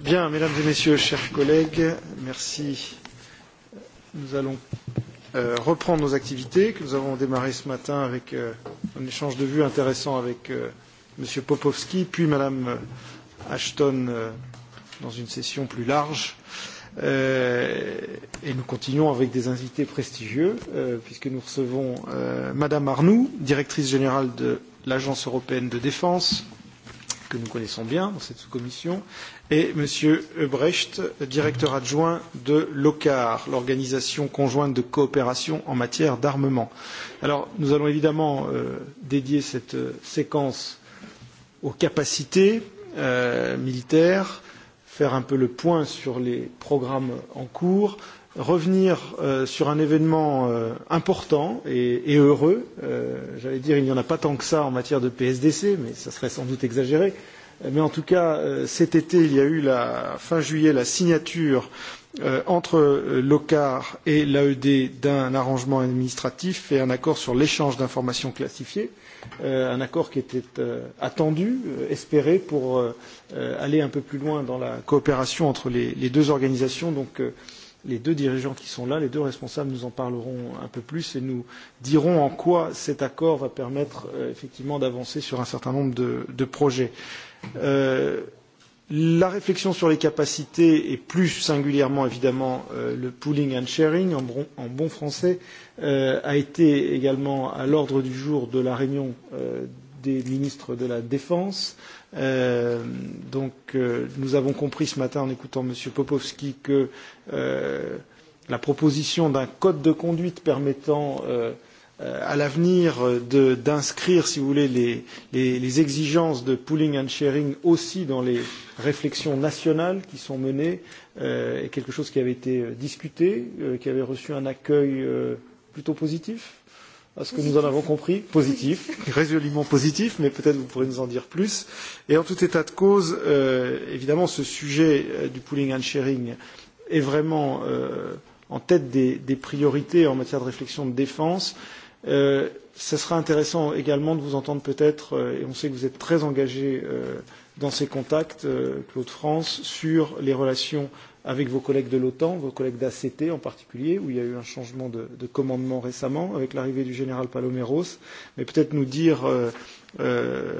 Bien, mesdames et messieurs, chers collègues, merci. Nous allons reprendre nos activités que nous avons démarrées ce matin avec un échange de vues intéressant avec M. Popovski, puis Mme Ashton dans une session plus large. et nous continuons avec des invités prestigieux, puisque nous recevons Mme Arnoux, directrice générale de l'Agence européenne de défense, que nous connaissons bien dans cette sous-commission, et M. Ebrecht, directeur adjoint de l'OCAR, l'Organisation conjointe de coopération en matière d'armement. Alors, nous allons évidemment dédier cette séquence aux capacités militaires, faire un peu le point sur les programmes en cours, revenir sur un événement important et, heureux. J'allais dire, il n'y en a pas tant que ça en matière de PSDC, mais ce serait sans doute exagéré. Mais en tout cas, cet été, il y a eu la, fin juillet la signature entre l'OCAR et l'AED d'un arrangement administratif et un accord sur l'échange d'informations classifiées, un accord qui était attendu, espéré pour aller un peu plus loin dans la coopération entre les, deux organisations. Donc, les deux dirigeants qui sont là, les deux responsables, nous en parleront un peu plus et nous diront en quoi cet accord va permettre effectivement d'avancer sur un certain nombre de, projets. la réflexion sur les capacités et plus singulièrement évidemment le pooling and sharing en bon, français a été également à l'ordre du jour de la réunion des ministres de la Défense donc nous avons compris ce matin en écoutant M. Popovski que la proposition d'un code de conduite permettant à l'avenir d'inscrire, si vous voulez, les, exigences de pooling and sharing aussi dans les réflexions nationales qui sont menées est quelque chose qui avait été discuté, qui avait reçu un accueil plutôt positif à ce que nous en avons compris, positif, résolument positif, mais peut-être vous pourrez nous en dire plus. Et en tout état de cause, euh, évidemment, ce sujet euh, du pooling and sharing est vraiment euh, en tête des, des priorités en matière de réflexion de défense. Euh, ce sera intéressant également de vous entendre peut-être, euh, et on sait que vous êtes très engagé euh, dans ces contacts, euh, Claude France, sur les relations avec vos collègues de l'OTAN, vos collègues d'ACT en particulier, où il y a eu un changement de, de commandement récemment avec l'arrivée du général Paloméros, mais peut-être nous dire, euh, euh,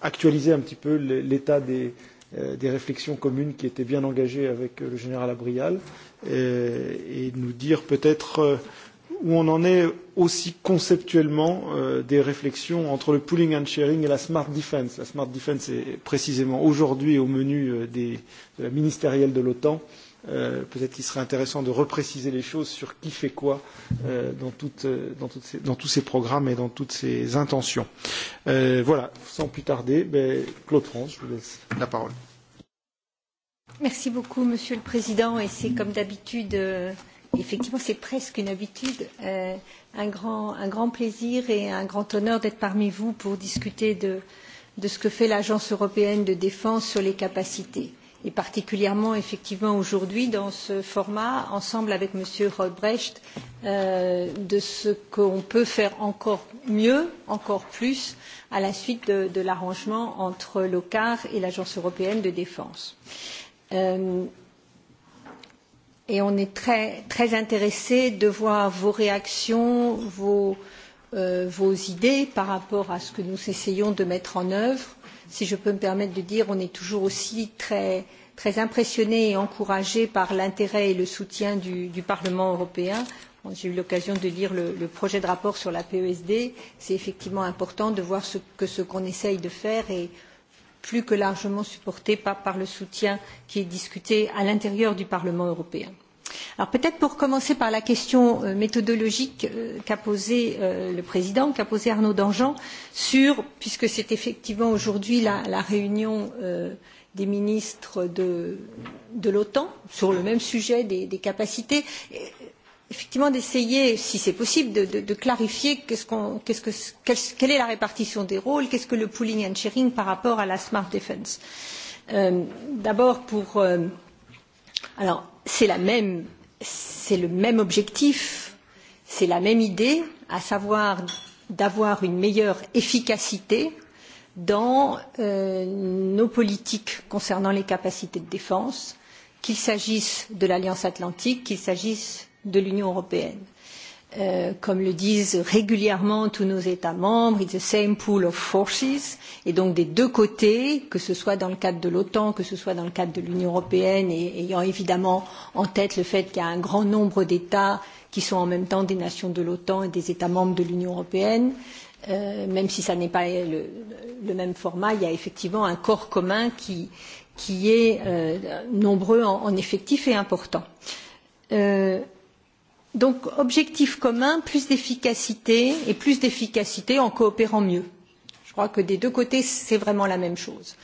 actualiser un petit peu l'état des, euh, des réflexions communes qui étaient bien engagées avec le général Abrial, et, et nous dire peut-être où on en est aussi conceptuellement des réflexions entre le pooling and sharing et la smart defence. La smart defence est précisément aujourd'hui au menu des, de la ministérielle de l'OTAN. Peut-être qu'il serait intéressant de repréciser les choses sur qui fait quoi dans, tous ces programmes et dans toutes ces intentions. voilà, sans plus tarder, Claude France, je vous laisse la parole. Merci beaucoup, Monsieur le Président, et c'est comme d'habitude Effectivement, c'est presque une habitude, euh, un, grand, un grand plaisir et un grand honneur d'être parmi vous pour discuter de, de ce que fait l'Agence européenne de défense sur les capacités et particulièrement effectivement aujourd'hui dans ce format, ensemble avec M. euh, de ce qu'on peut faire encore mieux, encore plus, à la suite de, l'arrangement entre l'OCAR et l'Agence européenne de défense et on est très, très intéressé de voir vos réactions, vos, vos idées par rapport à ce que nous essayons de mettre en œuvre. Si je peux me permettre de dire, on est toujours aussi très, très impressionné et encouragé par l'intérêt et le soutien du, du Parlement européen. J'ai eu l'occasion de lire le, le projet de rapport sur la PESD. C'est effectivement important de voir ce que ce qu'on essaye de faire et plus que largement supportée par, le soutien qui est discuté à l'intérieur du Parlement européen. Alors peut-être pour commencer par la question méthodologique qu'a posée le président, qu'a posée Arnaud Dangean, sur, puisque c'est effectivement aujourd'hui la, réunion des ministres de, l'OTAN sur le même sujet des, capacités, effectivement d'essayer, si c'est possible, de, clarifier quelle est la répartition des rôles, qu'est-ce que le pooling and sharing par rapport à la smart defence. D'abord pour alors c'est la même c'est le même objectif, c'est la même idée, à savoir d'avoir une meilleure efficacité dans nos politiques concernant les capacités de défense, qu'il s'agisse de l'Alliance atlantique, qu'il s'agisse de l'Union européenne. comme le disent régulièrement tous nos États membres, it's the same pool of forces. Et donc des deux côtés, que ce soit dans le cadre de l'OTAN, que ce soit dans le cadre de l'Union européenne, et ayant évidemment en tête le fait qu'il y a un grand nombre d'États qui sont en même temps des nations de l'OTAN et des États membres de l'Union européenne, même si ce n'est pas le, même format, il y a effectivement un corps commun qui, est nombreux en, effectif et important. Donc, objectif commun, plus d'efficacité et plus d'efficacité en coopérant mieux. Je crois que des deux côtés, c'est vraiment la même chose.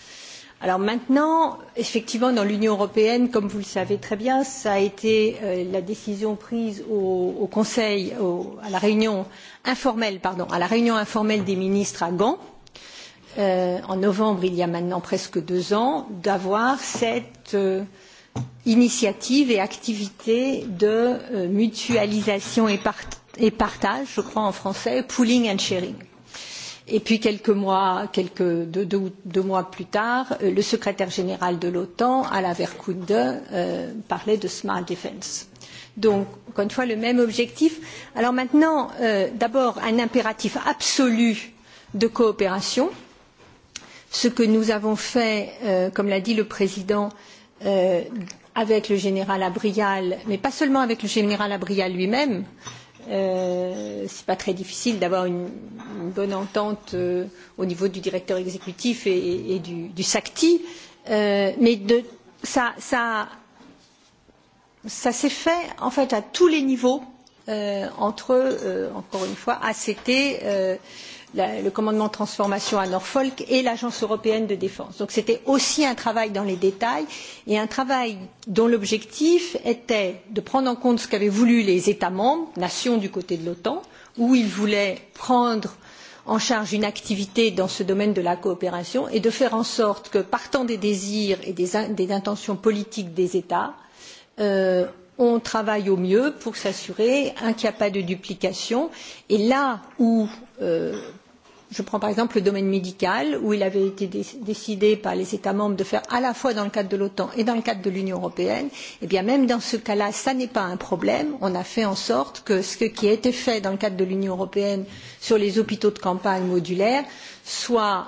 Alors maintenant, effectivement, dans l'Union européenne, comme vous le savez très bien, ça a été la décision prise au, Conseil, à la réunion informelle, pardon, à la réunion informelle des ministres à Gand, en novembre, il y a maintenant presque deux ans, d'avoir cette initiatives et activités de mutualisation et, partage, je crois en français, pooling and sharing. Et puis quelques mois, quelques deux, deux, deux mois plus tard, le secrétaire général de l'OTAN, Alain Verkunde, euh, parlait de smart defense. Donc, encore une fois, le même objectif. Alors maintenant, euh, d'abord, un impératif absolu de coopération. Ce que nous avons fait, euh, comme l'a dit le président, euh, avec le général Abrial, mais pas seulement avec le général Abrial lui-même. Euh, c'est pas très difficile d'avoir une, bonne entente au niveau du directeur exécutif et, du, du SACTI, mais de, ça, ça, ça s'est fait en fait à tous les niveaux entre, encore une fois, ACT, le commandement de transformation à Norfolk et l'Agence européenne de défense. Donc c'était aussi un travail dans les détails et un travail dont l'objectif était de prendre en compte ce qu'avaient voulu les États membres, nations du côté de l'OTAN, où ils voulaient prendre en charge une activité dans ce domaine de la coopération et de faire en sorte que, partant des désirs et des, intentions politiques des États, on travaille au mieux pour s'assurer qu'il n'y a pas de duplication. Et là où Je prends par exemple le domaine médical, où il avait été décidé par les États membres de faire à la fois dans le cadre de l'OTAN et dans le cadre de l'Union européenne. Eh bien, même dans ce cas-là, ça n'est pas un problème. On a fait en sorte que ce qui a été fait dans le cadre de l'Union européenne sur les hôpitaux de campagne modulaires soit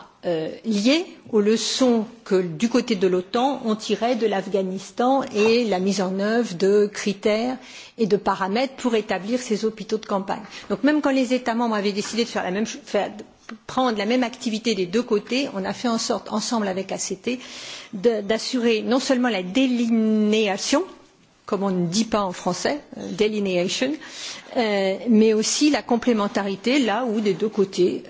lié aux leçons que du côté de l'otan on tirait de l'afghanistan et la mise en œuvre de critères et de paramètres pour établir ces hôpitaux de campagne. donc même quand les états membres avaient décidé de faire la même chose, prendre la même activité des deux côtés, on a fait en sorte, ensemble avec ACT, d'assurer non seulement la délinéation, comme on ne dit pas en français, delineation, mais aussi la complémentarité, là où des deux côtés,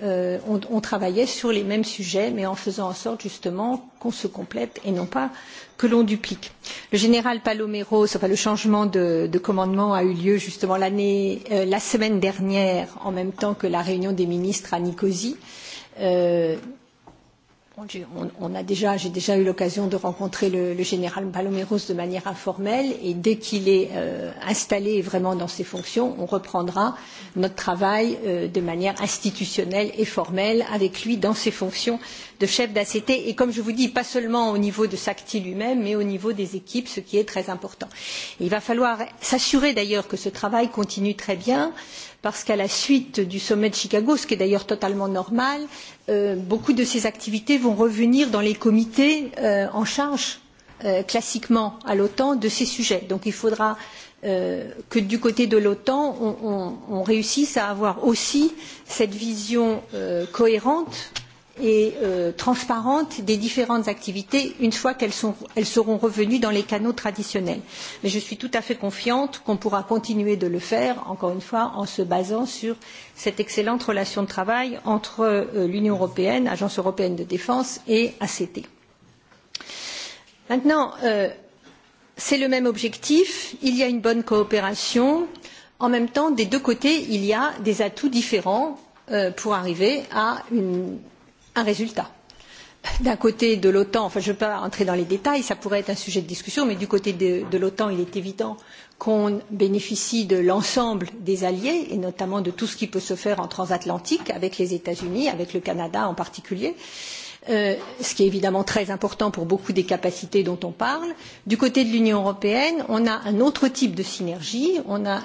on, travaillait sur les mêmes sujets, mais en faisant en sorte justement qu'on se complète et non pas que l'on duplique. Le général Palomero, enfin le changement de, de commandement a eu lieu justement l'année, euh, la semaine dernière, en même temps que la réunion des ministres à Nicosie. Euh, On a déjà, j'ai déjà eu l'occasion de rencontrer le, le général Paloméros de manière informelle et dès qu'il est euh, installé vraiment dans ses fonctions, on reprendra notre travail euh, de manière institutionnelle et formelle avec lui dans ses fonctions de chef d'ACT et comme je vous dis, pas seulement au niveau de SACTI lui-même, mais au niveau des équipes, ce qui est très important. Il va falloir s'assurer d'ailleurs que ce travail continue très bien parce qu'à la suite du sommet de Chicago, ce qui est d'ailleurs totalement normal, beaucoup de ces activités vont revenir dans les comités en charge classiquement à l'OTAN de ces sujets. Donc il faudra que du côté de l'OTAN, on, réussisse à avoir aussi cette vision cohérente et transparente des différentes activités une fois qu'elles seront revenues dans les canaux traditionnels. Mais je suis tout à fait confiante qu'on pourra continuer de le faire, encore une fois, en se basant sur cette excellente relation de travail entre l'Union européenne, Agence européenne de défense et ACT. Maintenant, c'est le même objectif, il y a une bonne coopération. En même temps, des deux côtés, il y a des atouts différents pour arriver à une un résultat d'un côté de l'OTAN, enfin je ne vais pas entrer dans les détails, ça pourrait être un sujet de discussion, mais du côté de, l'OTAN, il est évident qu'on bénéficie de l'ensemble des alliés, et notamment de tout ce qui peut se faire en transatlantique, avec les États-Unis, avec le Canada en particulier, ce qui est évidemment très important pour beaucoup des capacités dont on parle. Du côté de l'Union européenne, on a un autre type de synergie. On a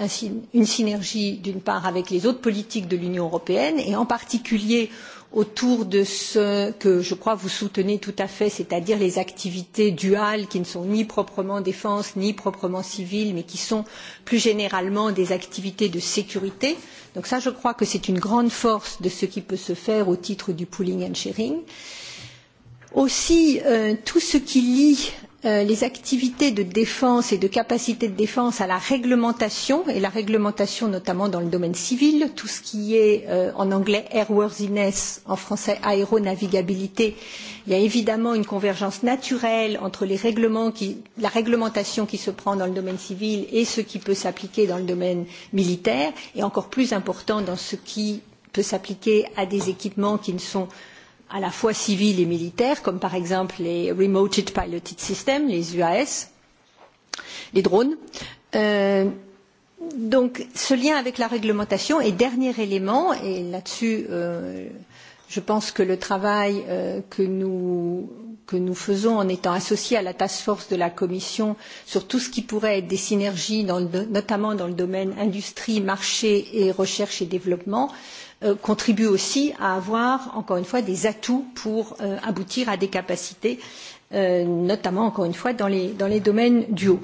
une synergie, d'une part, avec les autres politiques de l'Union européenne, et en particulier autour de ce que je crois vous soutenez tout à fait, c'est-à-dire les activités duales qui ne sont ni proprement défense ni proprement civile, mais qui sont plus généralement des activités de sécurité. Donc ça, je crois que c'est une grande force de ce qui peut se faire au titre du pooling and sharing. Aussi, tout ce qui lie les activités de défense et de capacité de défense à la réglementation, et la réglementation notamment dans le domaine civil, tout ce qui est en anglais airworthiness, en français aéronavigabilité, il y a évidemment une convergence naturelle entre la réglementation qui se prend dans le domaine civil et ce qui peut s'appliquer dans le domaine militaire, et encore plus important dans ce qui peut s'appliquer à des équipements qui ne sont à la fois civils et militaires, comme par exemple les Remoted Piloted Systems, les UAS, les drones. donc ce lien avec la réglementation et dernier élément, et là-dessus je pense que le travail que nous que nous faisons en étant associés à la task force de la Commission sur tout ce qui pourrait être des synergies, notamment dans le domaine industrie, marché et recherche et développement, contribue aussi à avoir, encore une fois, des atouts pour aboutir à des capacités notamment encore une fois dans les, dans les domaines du haut.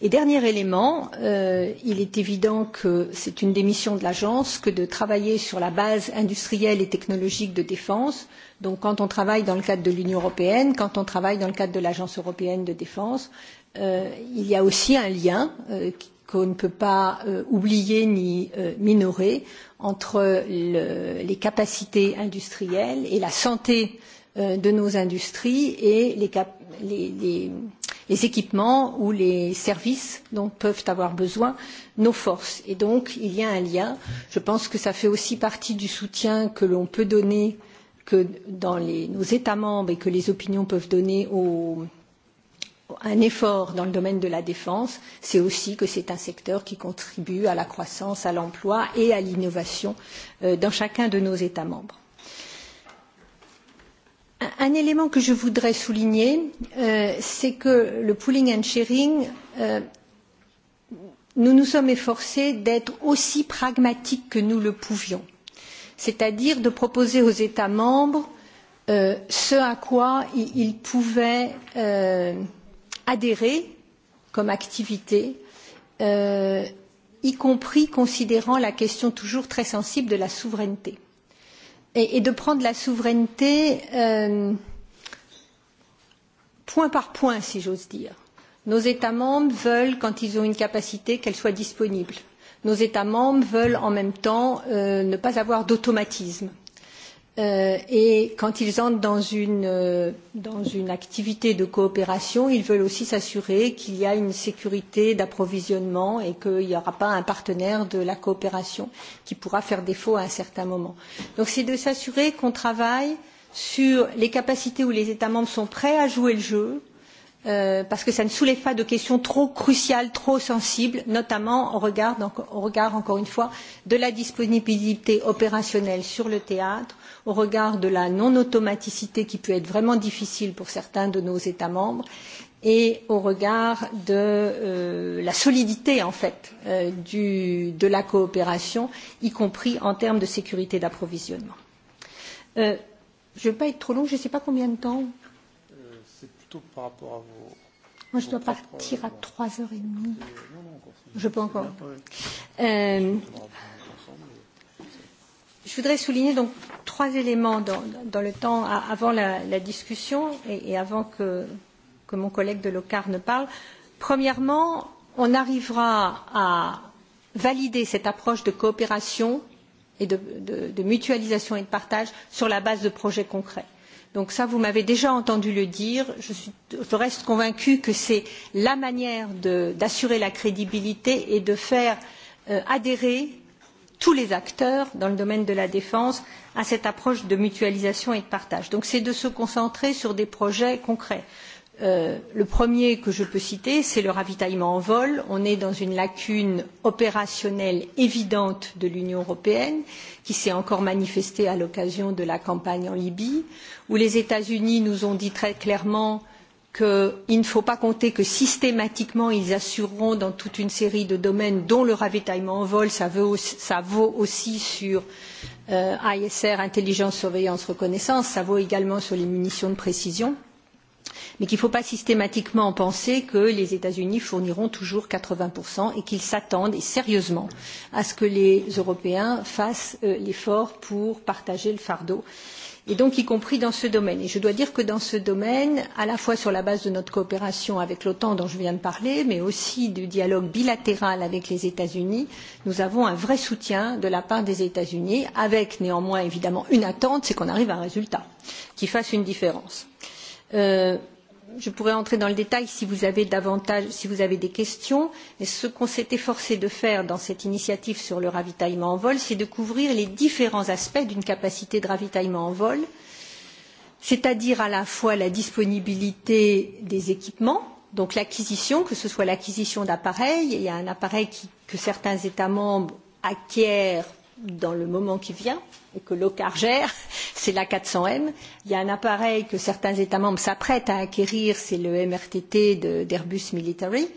Et dernier élément, euh, il est évident que c'est une des missions de l'agence que de travailler sur la base industrielle et technologique de défense. Donc quand on travaille dans le cadre de l'Union européenne, quand on travaille dans le cadre de l'Agence européenne de défense, euh, il y a aussi un lien euh, qu'on ne peut pas euh, oublier ni euh, minorer entre les capacités industrielles et la santé de nos industries et les, équipements ou les services dont peuvent avoir besoin nos forces. Et donc, il y a un lien. Je pense que cela fait aussi partie du soutien que l'on peut donner, que dans nos États membres et que les opinions peuvent donner aux un effort dans le domaine de la défense, c'est aussi que c'est un secteur qui contribue à la croissance, à l'emploi et à l'innovation dans chacun de nos États membres. Un élément que je voudrais souligner, c'est que le pooling and sharing, nous nous sommes efforcés d'être aussi pragmatiques que nous le pouvions, c'est-à-dire de proposer aux États membres ce à quoi ils pouvaient adhérer comme activité, y compris considérant la question toujours très sensible de la souveraineté. Et, de prendre la souveraineté point par point, si j'ose dire. Nos États membres veulent, quand ils ont une capacité, qu'elle soit disponible. Nos États membres veulent en même temps ne pas avoir d'automatisme et quand ils entrent dans une, activité de coopération, ils veulent aussi s'assurer qu'il y a une sécurité d'approvisionnement et qu'il n'y aura pas un partenaire de la coopération qui pourra faire défaut à un certain moment. Donc c'est de s'assurer qu'on travaille sur les capacités où les États membres sont prêts à jouer le jeu, parce que ça ne soulève pas de questions trop cruciales, trop sensibles, notamment au regard, encore une fois, de la disponibilité opérationnelle sur le théâtre, au regard de la non-automaticité qui peut être vraiment difficile pour certains de nos États membres et au regard de la solidité en fait de la coopération, y compris en termes de sécurité d'approvisionnement. je ne vais pas être trop longue, je ne sais pas combien de temps. C'est plutôt par rapport à vos. Moi, je dois partir à trois heures et demie. Je peux encore. je voudrais souligner donc trois éléments dans, dans le temps avant la, la discussion et, et avant que, que mon collègue de Locar ne parle. Premièrement, on arrivera à valider cette approche de coopération et de, de, de mutualisation et de partage sur la base de projets concrets. Donc ça, vous m'avez déjà entendu le dire. Je, suis, je reste convaincue que c'est la manière d'assurer la crédibilité et de faire euh, adhérer tous les acteurs dans le domaine de la défense à cette approche de mutualisation et de partage. Donc c'est de se concentrer sur des projets concrets. le premier que je peux citer, c'est le ravitaillement en vol. On est dans une lacune opérationnelle évidente de l'Union européenne qui s'est encore manifestée à l'occasion de la campagne en Libye, où les États-Unis nous ont dit très clairement qu'il ne faut pas compter que systématiquement ils assureront dans toute une série de domaines dont le ravitaillement en vol cela vaut aussi sur ASR, intelligence, surveillance, reconnaissance, ça vaut également sur les munitions de précision, mais qu'il ne faut pas systématiquement penser que les États-Unis fourniront toujours 80% et qu'ils s'attendent, sérieusement, à ce que les Européens fassent l'effort pour partager le fardeau. Euh, et donc y compris dans ce domaine. Et je dois dire que dans ce domaine, à la fois sur la base de notre coopération avec l'OTAN dont je viens de parler, mais aussi du dialogue bilatéral avec les États-Unis, nous avons un vrai soutien de la part des États-Unis, avec néanmoins évidemment une attente, c'est qu'on arrive à un résultat qui fasse une différence. Euh, je pourrais entrer dans le détail si vous avez davantage, si vous avez des questions, mais ce qu'on s'est efforcé de faire dans cette initiative sur le ravitaillement en vol, c'est de couvrir les différents aspects d'une capacité de ravitaillement en vol, c'est-à-dire à la fois la disponibilité des équipements, donc l'acquisition, que ce soit l'acquisition d'appareils, il y a un appareil que certains États membres acquièrent dans le moment qui vient et que l'OCAR gère, c'est la 400M. Il y a un appareil que certains États membres s'apprêtent à acquérir, c'est le MRTT d'Airbus Military.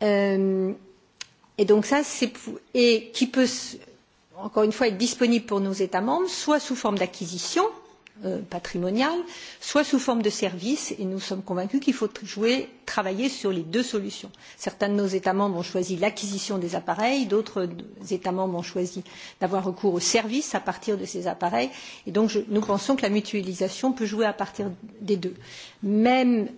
et donc ça, c'est et qui peut encore une fois être disponible pour nos États membres, soit sous forme d'acquisition, patrimonial, soit sous forme de services, et nous sommes convaincus qu'il faut jouer, travailler sur les deux solutions. Certains de nos États membres ont choisi l'acquisition des appareils, d'autres États membres ont choisi d'avoir recours aux services à partir de ces appareils, et donc nous pensons que la mutualisation peut jouer à partir des deux. Même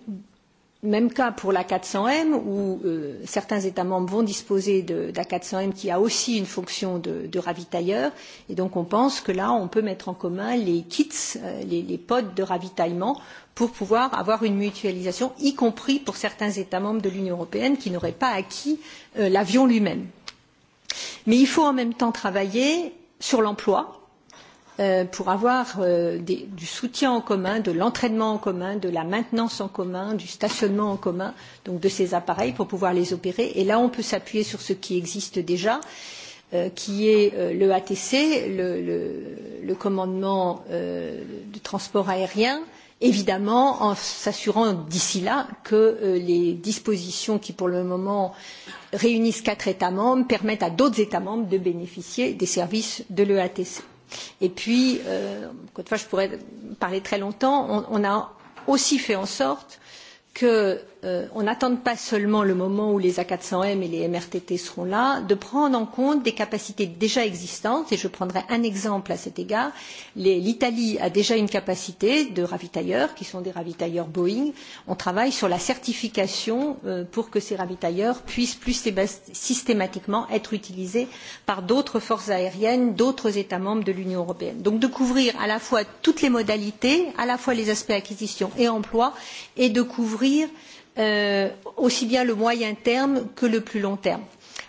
Même cas pour la 400M, où certains États membres vont disposer de, la 400M qui a aussi une fonction de, ravitailleur. Et donc on pense que là, on peut mettre en commun les kits, les, pods de ravitaillement pour pouvoir avoir une mutualisation, y compris pour certains États membres de l'Union européenne qui n'auraient pas acquis l'avion lui-même. Mais il faut en même temps travailler sur l'emploi, pour avoir du soutien en commun, de l'entraînement en commun, de la maintenance en commun, du stationnement en commun, donc de ces appareils pour pouvoir les opérer. Et là, on peut s'appuyer sur ce qui existe déjà, qui est le ATC, le, commandement de transport aérien, évidemment en s'assurant d'ici là que les dispositions qui pour le moment réunissent quatre États membres permettent à d'autres États membres de bénéficier des services de l'EATC Et puis, encore euh, fois, je pourrais parler très longtemps, on, on a aussi fait en sorte que on n'attende pas seulement le moment où les A400M et les MRTT seront là, de prendre en compte des capacités déjà existantes. Et je prendrai un exemple à cet égard. L'Italie a déjà une capacité de ravitailleurs, qui sont des ravitailleurs Boeing. On travaille sur la certification pour que ces ravitailleurs puissent plus systématiquement être utilisés par d'autres forces aériennes, d'autres États membres de l'Union européenne. Donc de couvrir à la fois toutes les modalités, à la fois les aspects acquisition et emploi, et de couvrir aussi bien le moyen terme que le plus long terme.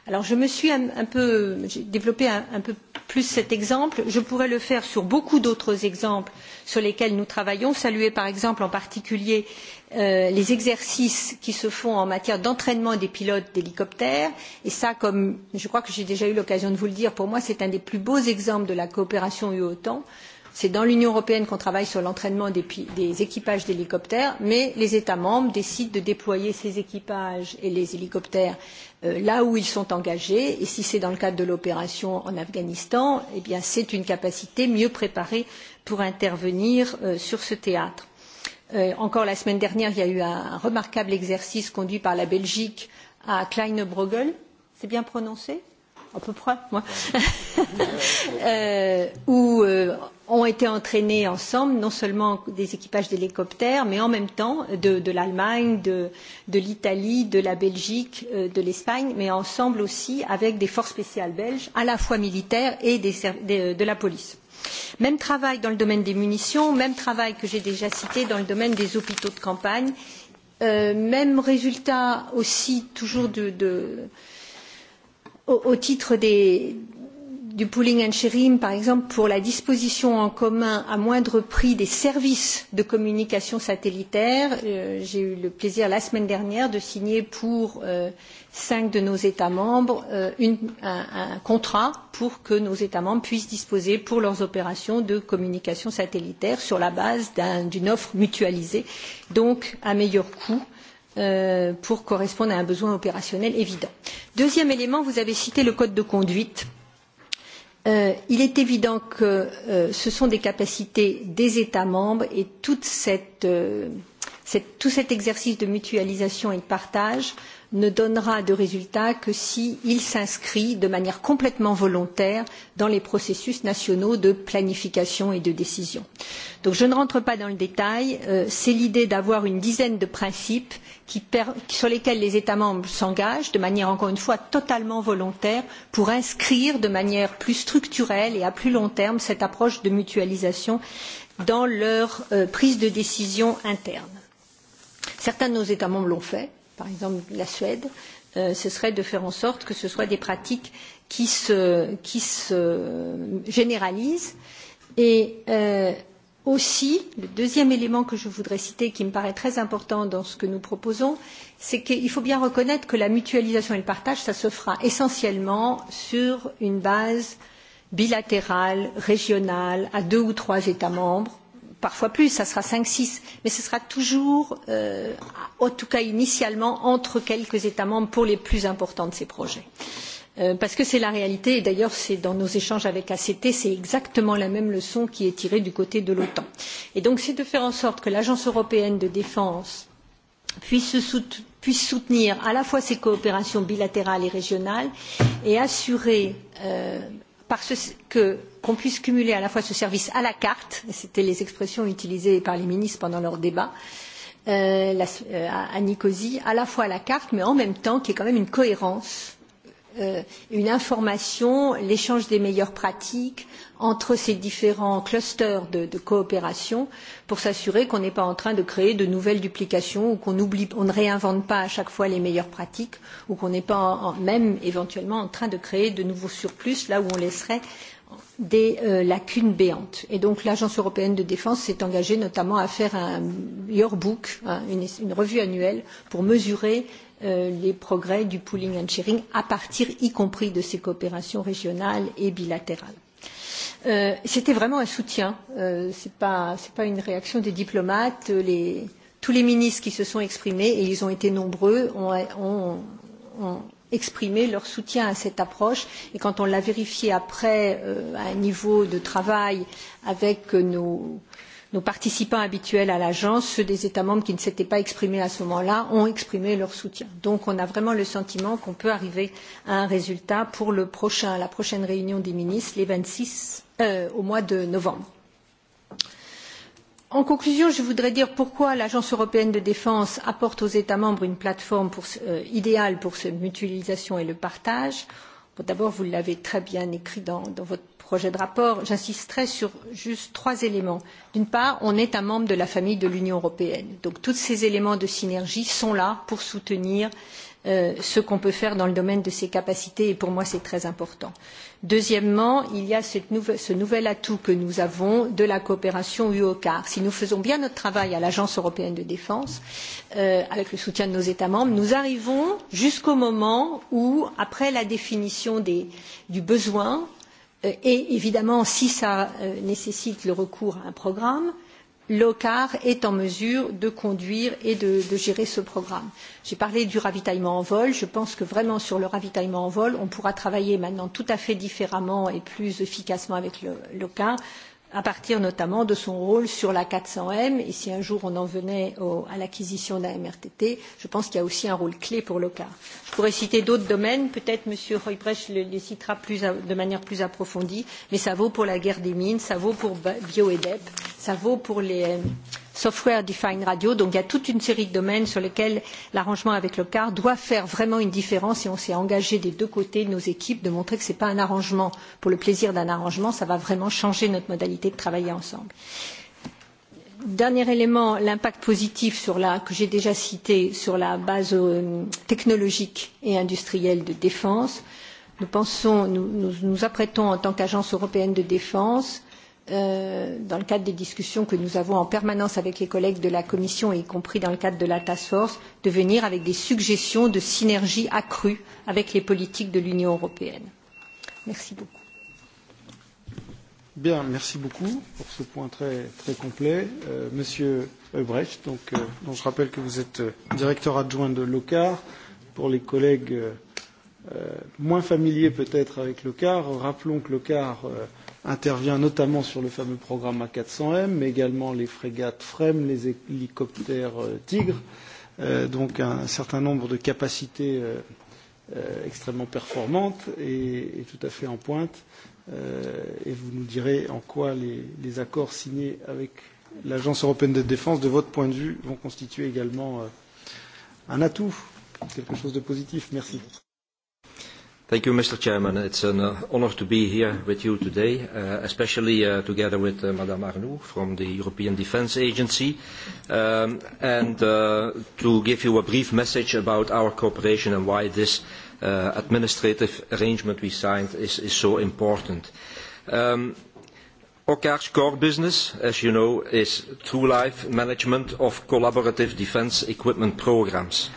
Alors je me suis un, peu, j'ai développé un, peu plus cet exemple. Je pourrais le faire sur beaucoup d'autres exemples sur lesquels nous travaillons. Saluer par exemple en particulier les exercices qui se font en matière d'entraînement des pilotes d'hélicoptères. Et ça, comme je crois que j'ai déjà eu l'occasion de vous le dire, pour moi c'est un des plus beaux exemples de la coopération UE-OTAN C'est dans l'Union européenne qu'on travaille sur l'entraînement des, équipages d'hélicoptères, mais les États membres décident de déployer ces équipages et les hélicoptères là où ils sont engagés. Et si c'est dans le cadre de l'opération en Afghanistan, eh bien c'est une capacité mieux préparée pour intervenir sur ce théâtre. encore la semaine dernière, il y a eu un remarquable exercice conduit par la Belgique à Kleinebruegel. C'est bien prononcé à peu près, moi, où ont été entraînés ensemble, non seulement des équipages d'hélicoptères, mais en même temps de, l'Allemagne, de, l'Italie, de la Belgique, de l'Espagne, mais ensemble aussi avec des forces spéciales belges, à la fois militaires et de la police. Même travail dans le domaine des munitions, même travail que j'ai déjà cité dans le domaine des hôpitaux de campagne, même résultat aussi toujours de, au, titre des, du pooling and sharing, par exemple, pour la disposition en commun à moindre prix des services de communication satellitaire. J'ai eu le plaisir la semaine dernière de signer pour cinq de nos États membres un, contrat pour que nos États membres puissent disposer pour leurs opérations de communication satellitaire sur la base d'une offre mutualisée, donc à meilleur coût pour correspondre à un besoin opérationnel évident. Deuxième élément, vous avez cité le code de conduite il est évident que ce sont des capacités des États membres et tout cet exercice de mutualisation et de partage ne donnera de résultat que s'il s'inscrit de manière complètement volontaire dans les processus nationaux de planification et de décision. Donc je ne rentre pas dans le détail, c'est l'idée d'avoir une dizaine de principes sur lesquels les États membres s'engagent de manière encore une fois totalement volontaire pour inscrire de manière plus structurelle et à plus long terme cette approche de mutualisation dans leur prise de décision interne. Certains de nos États membres l'ont fait, par exemple la Suède, ce serait de faire en sorte que ce soient des pratiques qui se, qui se généralisent. Et aussi, le deuxième élément que je voudrais citer, qui me paraît très important dans ce que nous proposons, c'est qu'il faut bien reconnaître que la mutualisation et le partage, ça se fera essentiellement sur une base bilatérale, régionale, à deux ou trois États membres parfois plus, ça sera cinq, six, mais ce sera toujours, en tout cas initialement, entre quelques États membres pour les plus importants de ces projets. parce que c'est la réalité, et d'ailleurs c'est dans nos échanges avec ACT, c'est exactement la même leçon qui est tirée du côté de l'OTAN. Et donc c'est de faire en sorte que l'Agence européenne de défense puisse puisse soutenir à la fois ces coopérations bilatérales et régionales et assurer parce que qu'on puisse cumuler à la fois ce service à la carte, c'était les expressions utilisées par les ministres pendant leur débat, à Nicosie, à la fois à la carte, mais en même temps qu'il y ait quand même une cohérence une information, l'échange des meilleures pratiques entre ces différents clusters de, coopération pour s'assurer qu'on n'est pas en train de créer de nouvelles duplications ou qu'on ne réinvente pas à chaque fois les meilleures pratiques ou qu'on n'est pas même éventuellement en train de créer de nouveaux surplus là où on laisserait des lacunes béantes. Et donc l'Agence européenne de défense s'est engagée notamment à faire un yearbook, une, revue annuelle, pour mesurer les progrès du pooling and sharing à partir y compris de ces coopérations régionales et bilatérales. C'était vraiment un soutien, ce n'est pas, une réaction des diplomates. tous les ministres qui se sont exprimés, et ils ont été nombreux, ont, exprimé leur soutien à cette approche. Et quand on l'a vérifié après à un niveau de travail avec nos, nos participants habituels à l'agence, ceux des États membres qui ne s'étaient pas exprimés à ce moment-là, ont exprimé leur soutien. Donc on a vraiment le sentiment qu'on peut arriver à un résultat pour le prochain, la prochaine réunion des ministres, les 26, euh, au mois de novembre. En conclusion, je voudrais dire pourquoi l'Agence européenne de défense apporte aux États membres une plateforme idéale pour cette mutualisation et le partage. D'abord, vous l'avez très bien écrit dans, votre projet de rapport, j'insisterai sur juste trois éléments. D'une part, on est un membre de la famille de l'Union européenne. Donc tous ces éléments de synergie sont là pour soutenir ce qu'on peut faire dans le domaine de ses capacités et pour moi c'est très important. Deuxièmement, il y a ce nouvel atout que nous avons de la coopération UOCAR. Si nous faisons bien notre travail à l'Agence européenne de défense, avec le soutien de nos États membres, nous arrivons jusqu'au moment où, après la définition du besoin, et évidemment, si cela nécessite le recours à un programme, l'OCAR est en mesure de conduire et de, gérer ce programme. J'ai parlé du ravitaillement en vol. Je pense que vraiment sur le ravitaillement en vol, on pourra travailler maintenant tout à fait différemment et plus efficacement avec l'OCAR à partir notamment de son rôle sur la 400M. Et si un jour on en venait à l'acquisition d'un MRTT, je pense qu'il y a aussi un rôle clé pour l'OCA. Je pourrais citer d'autres domaines, peut-être M. Heubrecht les citera de manière plus approfondie, mais ça vaut pour la guerre des mines, ça vaut pour BioEDEP, ça vaut pour les software defined radio. Donc il y a toute une série de domaines sur lesquels l'arrangement avec le CAR doit faire vraiment une différence et on s'est engagé des deux côtés de nos équipes de montrer que ce n'est pas un arrangement pour le plaisir d'un arrangement, ça va vraiment changer notre modalité de travailler ensemble. Dernier élément, l'impact positif que j'ai déjà cité sur la base technologique et industrielle de défense. Nous pensons, nous nous, nous apprêtons en tant qu'agence européenne de défense dans le cadre des discussions que nous avons en permanence avec les collègues de la Commission, y compris dans le cadre de la task force, de venir avec des suggestions de synergie accrue avec les politiques de l'Union européenne. Merci beaucoup. Bien, merci beaucoup pour ce point très, très complet. Euh, Monsieur Ebrecht, donc, euh, dont je rappelle que vous êtes directeur adjoint de l'OCAR, pour les collègues euh, moins familiers peut-être avec l'OCAR, rappelons que l'OCAR euh, intervient notamment sur le fameux programme A400M, mais également les frégates FREM, les hélicoptères Tigre, donc un certain nombre de capacités extrêmement performantes et, tout à fait en pointe. et vous nous direz en quoi les, accords signés avec l'Agence européenne de défense, de votre point de vue, vont constituer également un atout, quelque chose de positif. Merci. Thank you, Mr. Chairman. It's an uh, honor to be here with you today, uh, especially uh, together with uh, Madame Arnoux from the European Defence Agency, um, and uh, to give you a brief message about our cooperation and why this uh, administrative arrangement we signed is, is so important. Um, core business, as you know, is through life management of collaborative defence equipment programmes.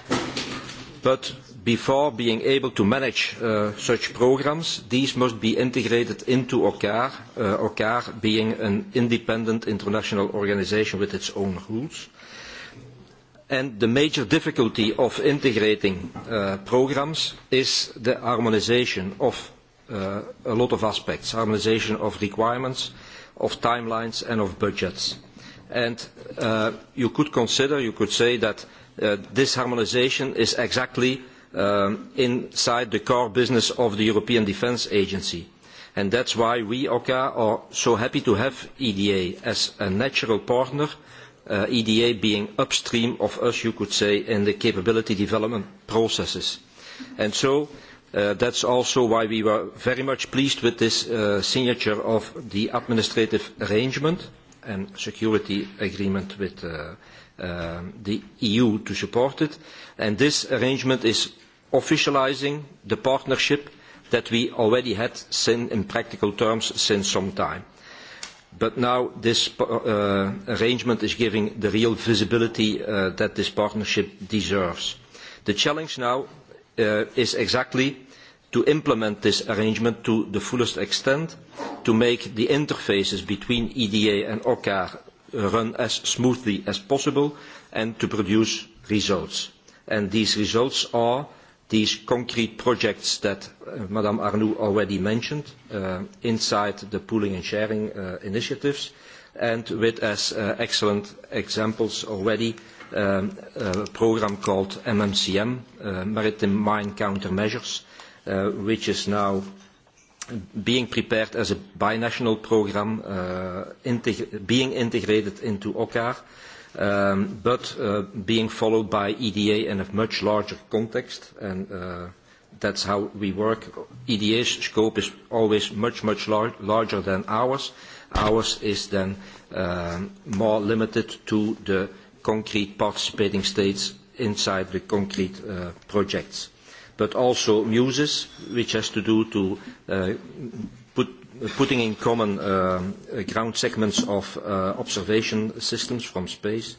But before being able to manage such programmes, these must be integrated into OCAR, OCAR being an independent international organisation with its own rules. And the major difficulty of integrating programmes is the harmonisation of a lot of aspects, harmonisation of requirements, of timelines and of budgets. And you could consider, you could say that this harmonisation is exactly inside the core business of the European Defence Agency. And is why we, OCA, are so happy to have EDA as a natural partner, EDA being upstream of us, you could say, in the capability development processes. And so that is also why we were very much pleased with this signature of the administrative arrangement and security agreement with the EU to support it. And this arrangement is officialising the partnership that we already had in practical terms since some time. But now this arrangement is giving the real visibility that this partnership deserves. The challenge now is exactly to implement this arrangement to the fullest extent, to make the interfaces between EDA and OCAR run as smoothly as possible and to produce results. And these results are these concrete projects that Madame Arnoux already mentioned inside the pooling and sharing initiatives, and with as excellent examples already a program called MMCM, Maritime Mine Countermeasures, which is now being prepared as a binational program, being integrated into um, but being followed by EDA in a much larger context. And that's how we work. EDA's scope is always much, much larger than ours. Ours is then more limited to the concrete participating states inside the concrete projects but also MUSES, which has to do to uh, put, putting in common uh, ground segments of uh, observation systems from space.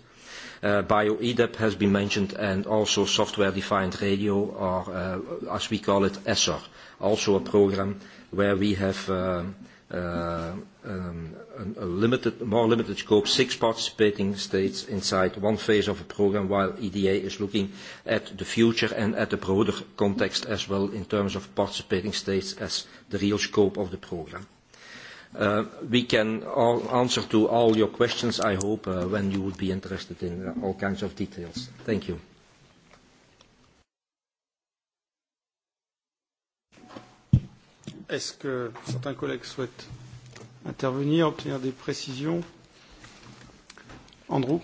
Uh, BioEDEP has been mentioned, and also software-defined radio, or uh, as we call it, ESSOR, also a program where we have uh, uh, a limited, more limited scope, six participating states inside one phase of a program, while EDA is looking at the future and at the broader context as well in terms of participating states as the real scope of the program. We can answer to all your questions, I hope, when you would be interested in all kinds of details. Thank you. Est-ce que certains collègues souhaitent intervenir, obtenir des précisions. Andrew.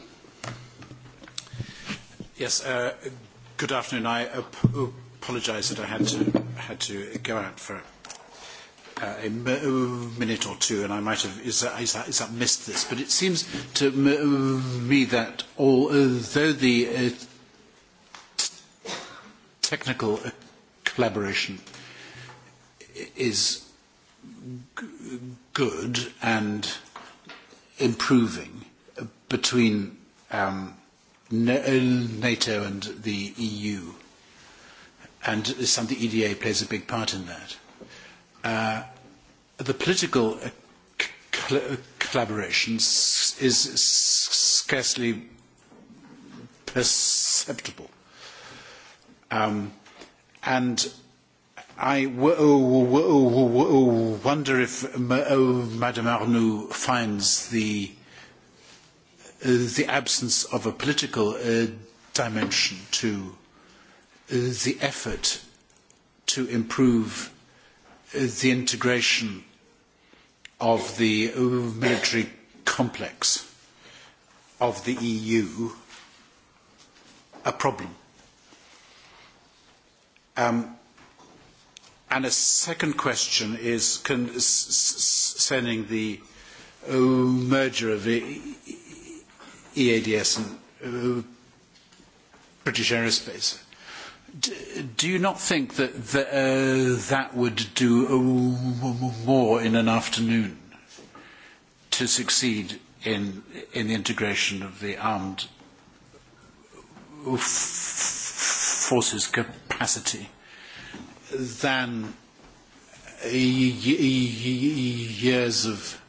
Yes, uh, good afternoon. I ap apologize that I had to, had to go out for uh, a minute or two, and I might have is that, is that, is that missed this. But it seems to m me that although the uh, technical collaboration is good and improving between um, NATO and the EU, and something EDA plays a big part in that. Uh, the political collaboration is scarcely perceptible. Um, and I wonder if Madame Arnoux finds the the absence of a political dimension to the effort to improve the integration of the military complex of the EU a problem. Um, And a second question is concerning the merger of EADS and British Aerospace. Do you not think that that would do more in an afternoon to succeed in the integration of the armed forces capacity than years of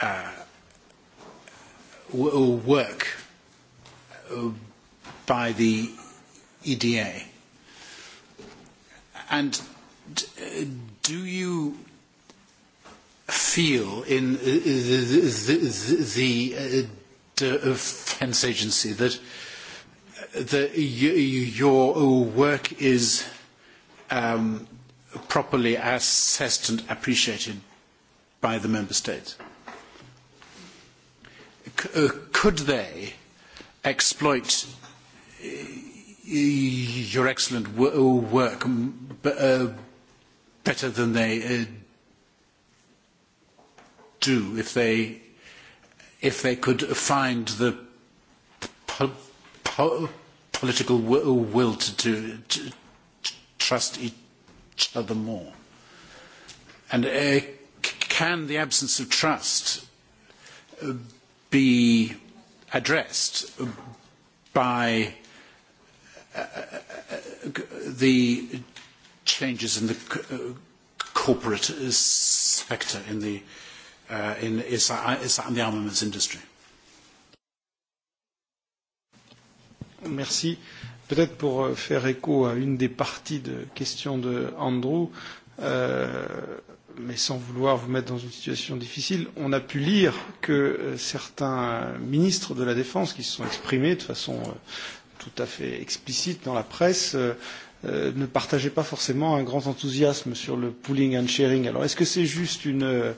uh, work by the EDA. And do you feel in the defense agency that, the, your work is properly assessed and appreciated by the member states? could they exploit your excellent work better than they do if they if they could find the political will to, do to, trust each other more? And uh, can the absence of trust be addressed by the changes in the corporate sector in the in in the armaments industry. Merci. Peut-être pour faire écho à une des parties de questions de Andrew, euh, mais sans vouloir vous mettre dans une situation difficile, on a pu lire que certains ministres de la Défense qui se sont exprimés de façon tout à fait explicite dans la presse ne partageaient pas forcément un grand enthousiasme sur le pooling and sharing. Alors est-ce que c'est juste une,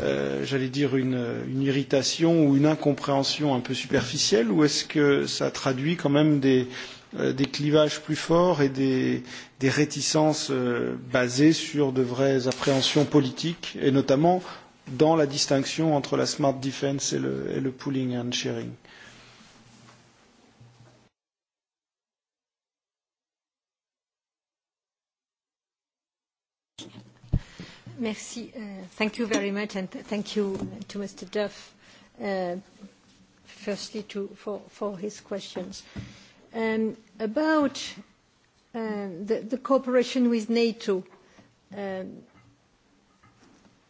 j'allais dire, une, irritation ou une incompréhension un peu superficielle ou est-ce que ça traduit quand même des, des clivages plus forts et des, des réticences basées sur de vraies appréhensions politiques, et notamment dans la distinction entre la smart defense et le, et le pooling and sharing. Merci. Uh, thank you very much, and thank you to Mr. Duff, uh, firstly to, for, for his questions. Uh, about the, cooperation with NATO,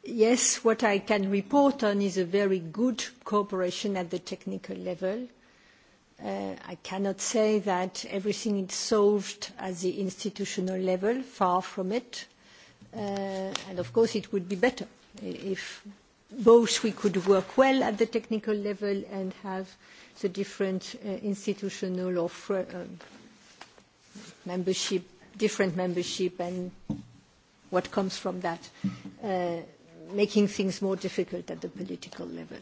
yes, what I can report on is a very good cooperation at the technical level. I cannot say that everything is solved at the institutional level, far from it. and of course, it would be better if both we could work well at the technical level and have the different uh, institutional or fr- uh, membership, different membership and what comes from that, uh, making things more difficult at the political level.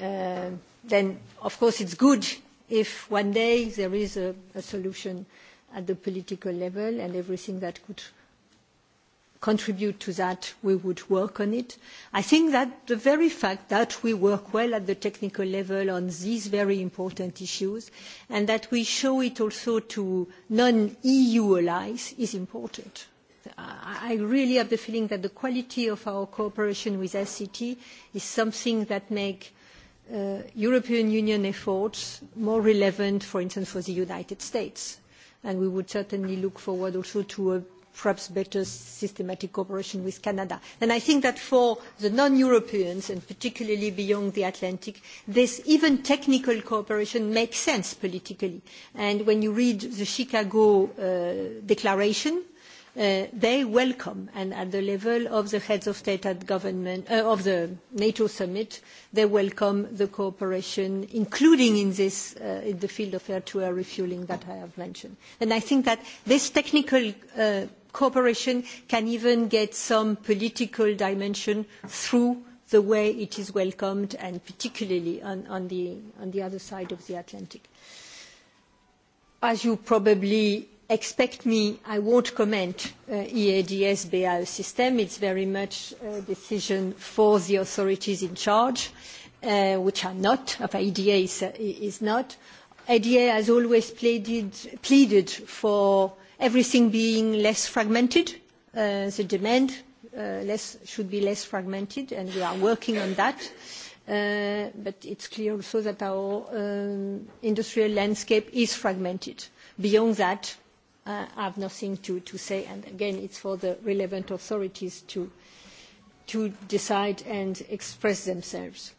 Uh, then, of course, it's good if one day there is a, a solution at the political level and everything that could contribute to that, we would work on it. I think that the very fact that we work well at the technical level on these very important issues and that we show it also to non-EU allies is important. I really have the feeling that the quality of our cooperation with SCT is something that makes European Union efforts more relevant, for instance, for the United States. And we would certainly look forward also to a perhaps better systematic cooperation with Canada. And I think that for the non-Europeans, and particularly beyond the Atlantic, this even technical cooperation makes sense politically. And when you read the Chicago Declaration, they welcome, and at the level of the heads of state and government, of the NATO summit, they welcome the cooperation, including in this, in the field of air-to-air refuelling that I have mentioned. And I think that this technical cooperation can even get some political dimension through the way it is welcomed, and particularly on, the, other side of the Atlantic. As you probably expect me, I won't comment uh, EADS BAO system. It's very much a decision for the authorities in charge, which are not, of EDA is, not. ADA has always pleaded, pleaded for everything being less fragmented, the demand should be less fragmented, and we are working on that. But it's clear also that our industrial landscape is fragmented. Beyond that, I have nothing to say, and again, it's for the relevant authorities to decide and express themselves.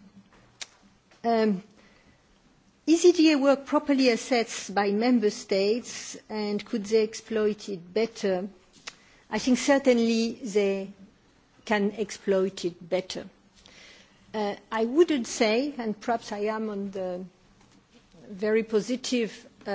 EDA work properly assessed by member states and could they exploit it better? I think certainly they can exploit it better. Uh, I wouldn't say, and perhaps I am on the very positive uh,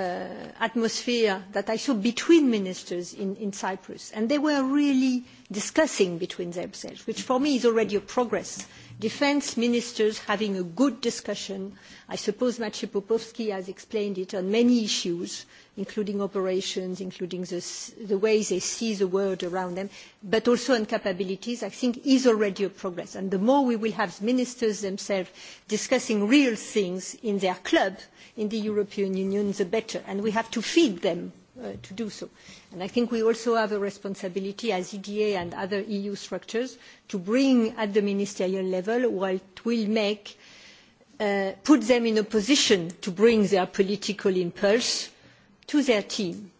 atmosphere that I saw between ministers in, in Cyprus, and they were really discussing between themselves, which for me is already a progress defence ministers having a good discussion. I suppose Maciej Popowski has explained it on many issues, including operations, including the, way they see the world around them, but also on capabilities, I think is already a progress. And the more we will have ministers themselves discussing real things in their club in the European Union, the better. And we have to feed them to do so. And I think we also have a responsibility as EDA and other EU structures to bring at the ministerial level what will make, put them in a position to bring their political impulse to their team.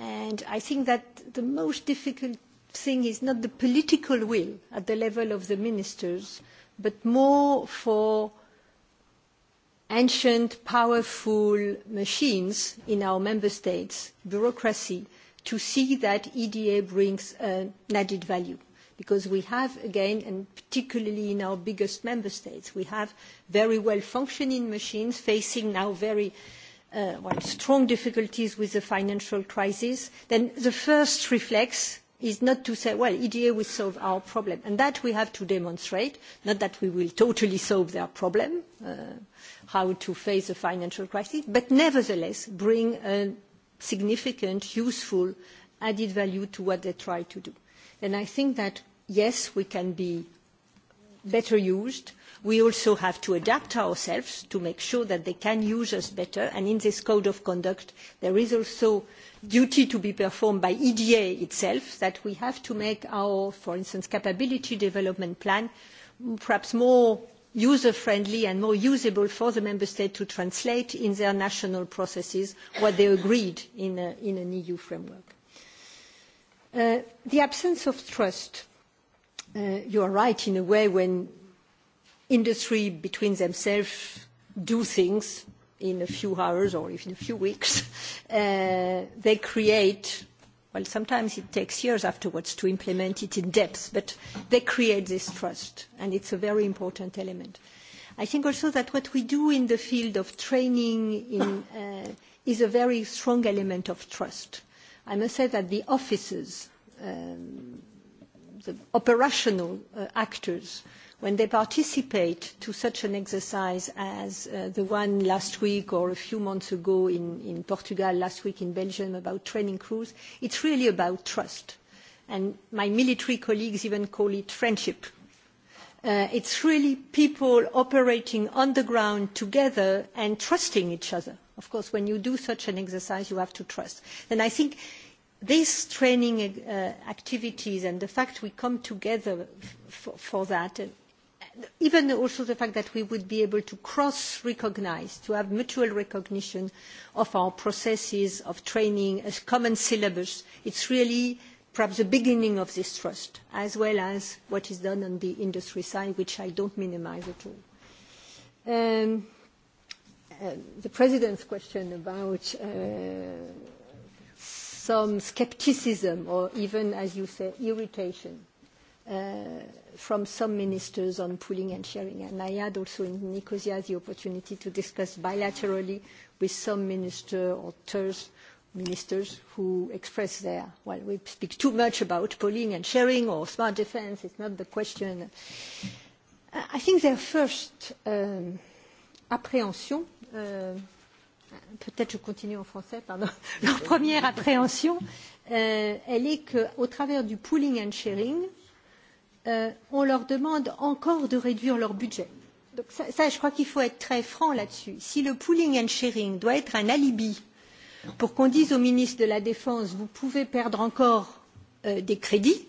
And I think that the most difficult thing is not the political will at the level of the ministers, but more for ancient, powerful machines in our member states, bureaucracy, to see that EDA brings an added value. Because we have, again, and particularly in our biggest member states, we have very well functioning machines facing now very strong difficulties with the financial crisis. Then the first reflex is not to say, well, EDA will solve our problem. And that we have to demonstrate, not that we will totally solve their problem, how to face the financial crisis, but nevertheless bring a significant, useful added value to what they try to do. And I think that, yes, we can be better used We also have to adapt ourselves to make sure that they can use us better. And in this code of conduct, there is also duty to be performed by EDA itself that we have to make our, for instance, capability development plan perhaps more user friendly and more usable for the member state to translate in their national processes what they agreed in, an EU framework. the absence of trust. you are right in a way when industry between themselves do things in a few hours or even a few weeks. they create, well, sometimes it takes years afterwards to implement it in depth, but they create this trust, and it's a very important element. I think also that what we do in the field of training in, uh, is a very strong element of trust. I must say that the officers, um, the operational uh, actors, uh, when they participate to such an exercise as the one last week or a few months ago in, Portugal, last week in Belgium about training crews, it's really about trust. And my military colleagues even call it friendship. Uh, it's really people operating on the ground together and trusting each other. Of course, when you do such an exercise, you have to trust. And I think these training activities and the fact we come together for, that even also the fact that we would be able to cross-recognize, to have mutual recognition of our processes of training as common syllabus, it's really perhaps the beginning of this trust, as well as what is done on the industry side, which I don't minimize at all. The president's question about some skepticism or even, as you say, irritation from some ministers on pooling and sharing. And I had also in Nicosia the opportunity to discuss bilaterally with some minister or TERS ministers who express their, well, we speak too much about pooling and sharing or smart defense, it's not the question. I think their first um, appréhension, peut-être je continue en français, pardon, leur première appréhension, euh, elle est qu'au travers du pooling and sharing, on leur demande encore de réduire leur budget. Donc ça, je crois qu'il faut être très franc là-dessus. Si le pooling and sharing doit être un alibi pour qu'on dise au ministre de la Défense vous pouvez perdre encore des crédits,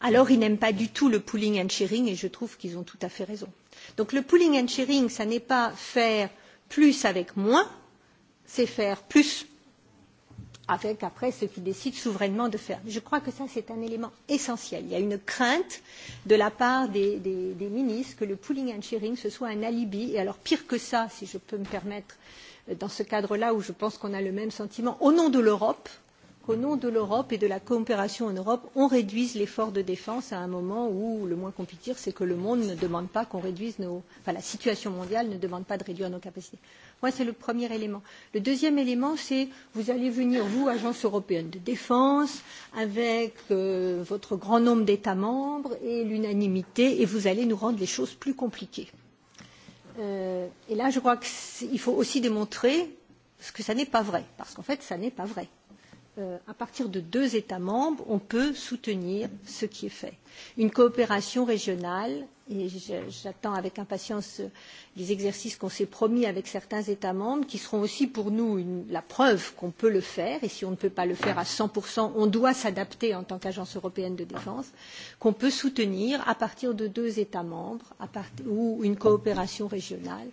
alors ils n'aiment pas du tout le pooling and sharing et je trouve qu'ils ont tout à fait raison. Donc le pooling and sharing, ce n'est pas faire plus avec moins, c'est faire plus avec après ceux qui décident souverainement de faire. Je crois que ça, c'est un élément essentiel. Il y a une crainte de la part des, des, des ministres que le pooling and sharing, ce soit un alibi. Et alors, pire que ça, si je peux me permettre, dans ce cadre-là où je pense qu'on a le même sentiment, au nom de l'Europe, qu'au nom de l'Europe et de la coopération en Europe, on réduise l'effort de défense à un moment où le moins qu'on puisse dire, c'est que le monde ne demande pas qu'on réduise nos... Enfin, la situation mondiale ne demande pas de réduire nos capacités. Moi, c'est le premier élément. Le deuxième élément, c'est vous allez venir, vous, agence européenne de défense, avec euh, votre grand nombre d'États membres et l'unanimité, et vous allez nous rendre les choses plus compliquées. Euh, et là, je crois qu'il faut aussi démontrer ce que ça n'est pas vrai, parce qu'en fait, ça n'est pas vrai à partir de deux États membres, on peut soutenir ce qui est fait. Une coopération régionale et j'attends avec impatience les exercices qu'on s'est promis avec certains États membres, qui seront aussi pour nous une, la preuve qu'on peut le faire, et si on ne peut pas le faire à 100%, on doit s'adapter en tant qu'agence européenne de défense, qu'on peut soutenir à partir de deux États membres à part, ou une coopération régionale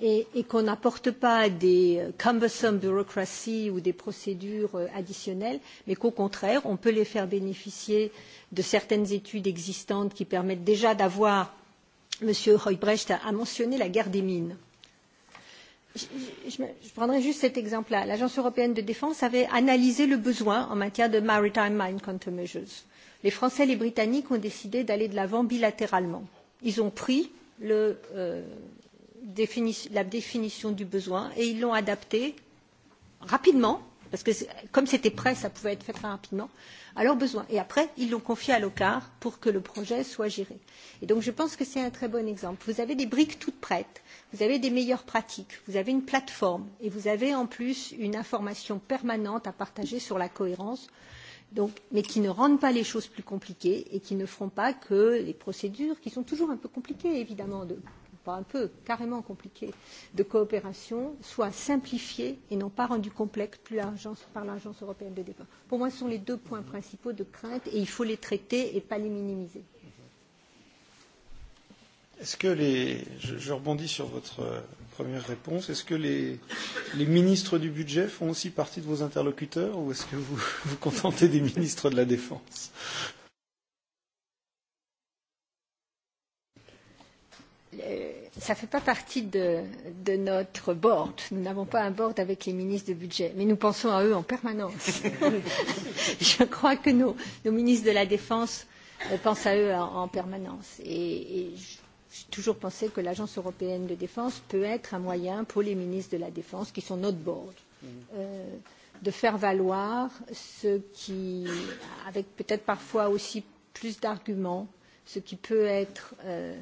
et, et qu'on n'apporte pas des cumbersome bureaucracies ou des procédures additionnelles, mais qu'au contraire, on peut les faire bénéficier de certaines études existantes qui permettent déjà d'avoir M. Heubrecht a mentionné la guerre des mines. Je prendrai juste cet exemple-là. L'Agence européenne de défense avait analysé le besoin en matière de maritime mine countermeasures. Les Français et les Britanniques ont décidé d'aller de l'avant bilatéralement. Ils ont pris le, la définition du besoin et ils l'ont adapté rapidement, parce que comme c'était prêt, ça pouvait être fait très rapidement, à leurs besoins. Et après, ils l'ont confié à l'OCAR pour que le projet soit géré. Et donc, je pense que c'est un très bon exemple. Vous avez des briques toutes prêtes, vous avez des meilleures pratiques, vous avez une plateforme et vous avez en plus une information permanente à partager sur la cohérence. Donc, mais qui ne rendent pas les choses plus compliquées et qui ne feront pas que les procédures, qui sont toujours un peu compliquées évidemment de pas un peu, carrément compliqué, de coopération soit simplifié et non pas rendu complexe plus par l'Agence européenne de défense. Pour moi, ce sont les deux points principaux de crainte et il faut les traiter et pas les minimiser. Est-ce que les, je, je rebondis sur votre première réponse, est-ce que les, les ministres du budget font aussi partie de vos interlocuteurs ou est-ce que vous vous contentez des ministres de la Défense ça ne fait pas partie de, de notre board. Nous n'avons pas un board avec les ministres de budget, mais nous pensons à eux en permanence. Je crois que nos, nos ministres de la Défense pensent à eux en, en permanence. Et, et j'ai toujours pensé que l'Agence européenne de défense peut être un moyen pour les ministres de la Défense, qui sont notre board, euh, de faire valoir ce qui, avec peut-être parfois aussi plus d'arguments, ce qui peut être. Euh,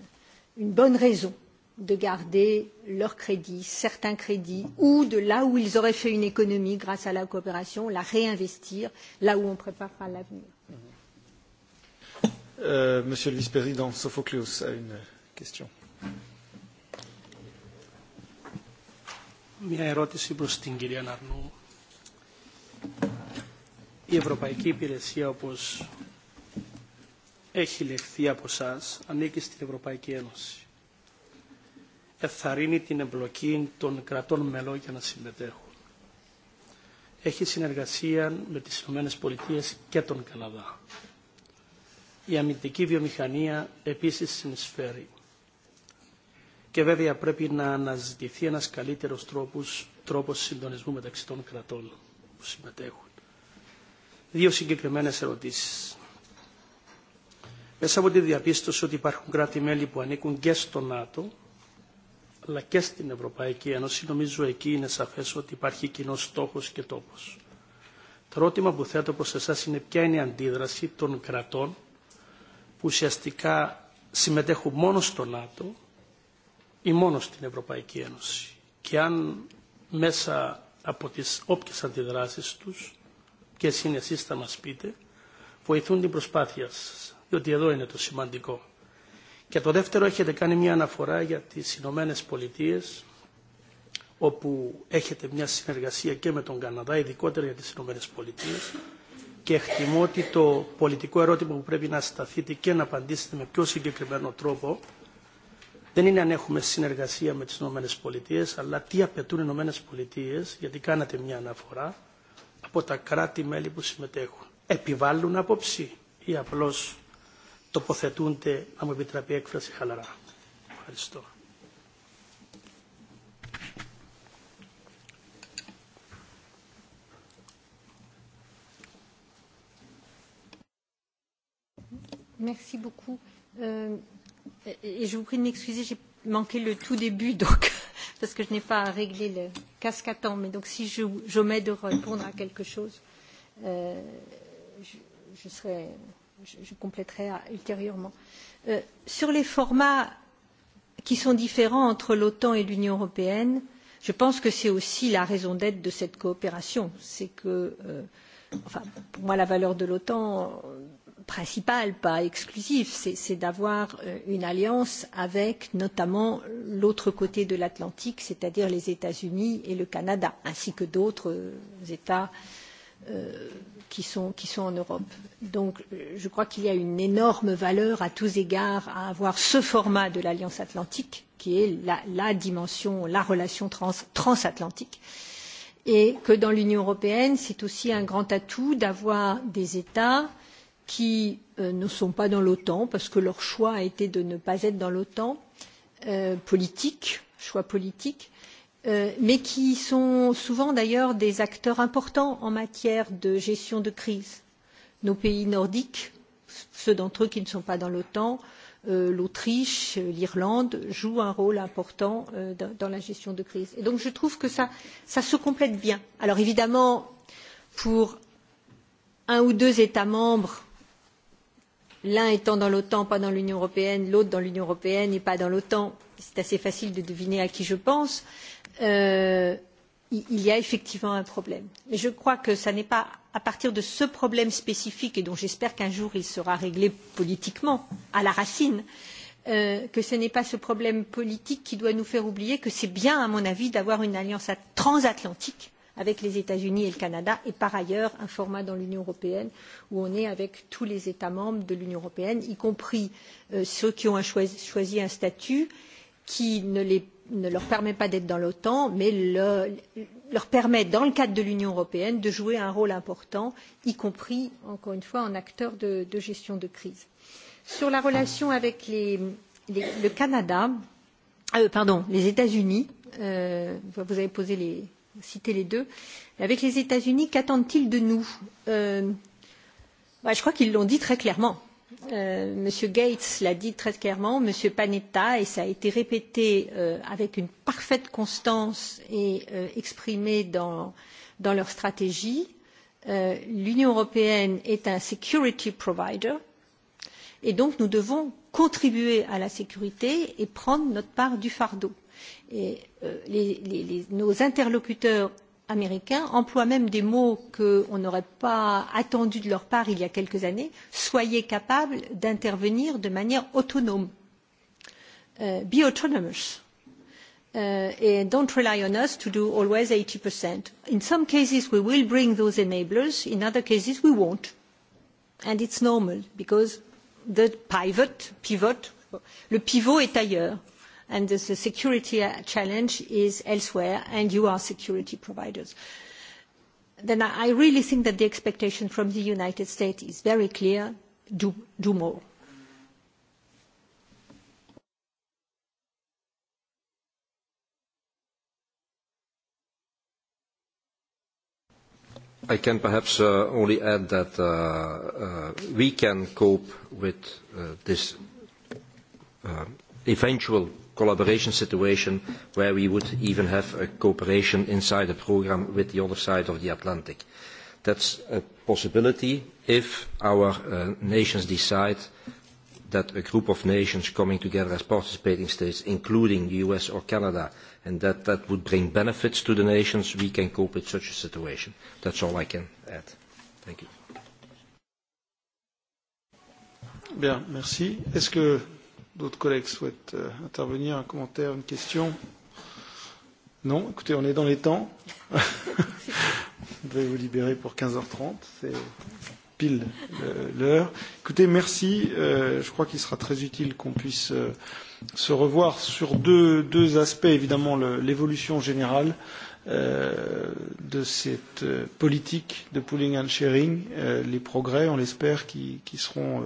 une bonne raison de garder leurs crédits, certains crédits, ou de là où ils auraient fait une économie grâce à la coopération, la réinvestir là où on préparera l'avenir. Monsieur le vice-président Sophocleos a une question. Μια ερώτηση προς την κυρία Ναρνού. Η Ευρωπαϊκή Υπηρεσία, όπως έχει λεχθεί από εσά ανήκει στην Ευρωπαϊκή Ένωση. Εθαρρύνει την εμπλοκή των κρατών μελών για να συμμετέχουν. Έχει συνεργασία με τις ΗΠΑ και τον Καναδά. Η αμυντική βιομηχανία επίσης συνεισφέρει. Και βέβαια πρέπει να αναζητηθεί ένας καλύτερος τρόπος, τρόπος συντονισμού μεταξύ των κρατών που συμμετέχουν. Δύο συγκεκριμένες ερωτήσεις Μέσα από τη διαπίστωση ότι υπάρχουν κράτη-μέλη που ανήκουν και στο ΝΑΤΟ, αλλά και στην Ευρωπαϊκή Ένωση, νομίζω εκεί είναι σαφές ότι υπάρχει κοινό στόχος και τόπος. Το ερώτημα που θέτω προς εσάς είναι ποια είναι η αντίδραση των κρατών που ουσιαστικά συμμετέχουν μόνο στο ΝΑΤΟ ή μόνο στην Ευρωπαϊκή Ένωση. Και αν μέσα από τις όποιες αντιδράσεις τους, ποιες είναι εσείς θα μας πείτε, βοηθούν την προσπάθεια σας διότι εδώ είναι το σημαντικό. Και το δεύτερο έχετε κάνει μια αναφορά για τις Ηνωμένε Πολιτείε, όπου έχετε μια συνεργασία και με τον Καναδά, ειδικότερα για τις Ηνωμένε Πολιτείε. Και εκτιμώ ότι το πολιτικό ερώτημα που πρέπει να σταθείτε και να απαντήσετε με πιο συγκεκριμένο τρόπο δεν είναι αν έχουμε συνεργασία με τις Ηνωμένες Πολιτείες, αλλά τι απαιτούν οι Ηνωμένες Πολιτείες, γιατί κάνατε μια αναφορά, από τα κράτη-μέλη που συμμετέχουν. Επιβάλλουν άποψη ή απλώς τοποθετούνται, αν μου επιτραπεί έκφραση, χαλαρά. Ευχαριστώ. Merci beaucoup. Euh, et je vous prie de m'excuser, j'ai manqué le tout début, donc, parce que je n'ai pas réglé le casque à temps. Mais donc, si j'omets de répondre à quelque chose, euh, je, je serai je compléterai ultérieurement. sur les formats qui sont différents entre l'otan et l'union européenne je pense que c'est aussi la raison d'être de cette coopération c'est que enfin pour moi la valeur de l'otan principale pas exclusive c'est d'avoir une alliance avec notamment l'autre côté de l'atlantique c'est à dire les états unis et le canada ainsi que d'autres états qui sont, qui sont en Europe. Donc je crois qu'il y a une énorme valeur à tous égards à avoir ce format de l'Alliance atlantique, qui est la, la dimension, la relation trans, transatlantique, et que dans l'Union européenne, c'est aussi un grand atout d'avoir des États qui euh, ne sont pas dans l'OTAN, parce que leur choix a été de ne pas être dans l'OTAN, euh, politique, choix politique, mais qui sont souvent d'ailleurs des acteurs importants en matière de gestion de crise. Nos pays nordiques, ceux d'entre eux qui ne sont pas dans l'OTAN, l'Autriche, l'Irlande jouent un rôle important dans la gestion de crise. Et donc je trouve que ça, se complète bien. Alors évidemment, pour un ou deux États membres, l'un étant dans l'OTAN, pas dans l'Union européenne, l'autre dans l'Union européenne et pas dans l'OTAN, c'est assez facile de deviner à qui je pense il y a effectivement un problème. Mais je crois que ce n'est pas à partir de ce problème spécifique, et dont j'espère qu'un jour il sera réglé politiquement, à la racine, que ce n'est pas ce problème politique qui doit nous faire oublier que c'est bien, à mon avis, d'avoir une alliance transatlantique avec les États-Unis et le Canada, et par ailleurs un format dans l'Union européenne où on est avec tous les États membres de l'Union européenne, y compris ceux qui ont choisi un statut, euh, qui ne, les, ne leur permet pas d'être dans l'OTAN, mais le, leur permet, dans le cadre de l'Union européenne, de jouer un rôle important, y compris, encore une fois, en acteur de, de gestion de crise. Sur la relation avec les, les, le Canada, euh, pardon, les États-Unis, euh, vous avez posé les, cité les deux, avec les États-Unis, qu'attendent-ils de nous euh, bah, Je crois qu'ils l'ont dit très clairement M. Gates l'a dit très clairement, M. Panetta, et cela a été répété avec une parfaite constance et exprimé dans, leur stratégie, l'Union européenne est un security provider et donc nous devons contribuer à la sécurité et prendre notre part du fardeau. nos interlocuteurs américains emploient même des mots qu'on n'aurait pas attendus de leur part il y a quelques années soyez capables d'intervenir de manière autonome be autonomous and don't rely on us to do always 80%. In some cases, we will bring those enablers. In other cases, we won't. And it's normal because the pivot, pivot, le pivot est ailleurs and the security challenge is elsewhere, and you are security providers. Then I really think that the expectation from the United States is very clear, do more. I can perhaps only add that we can cope with this eventual collaboration situation where we would even have a cooperation inside the programme with the other side of the Atlantic. That's a possibility if our nations decide that a group of nations coming together as participating states, including the US or Canada, and that that would bring benefits to the nations, we can cope with such a situation. That's all I can add. Thank you. Bien, merci. Est-ce que D'autres collègues souhaitent euh, intervenir, un commentaire, une question Non Écoutez, on est dans les temps. Vous devez vous libérer pour 15h30. C'est pile l'heure. Écoutez, merci. Euh, je crois qu'il sera très utile qu'on puisse euh, se revoir sur deux, deux aspects. Évidemment, l'évolution générale euh, de cette euh, politique de pooling and sharing, euh, les progrès, on l'espère, qui, qui seront euh,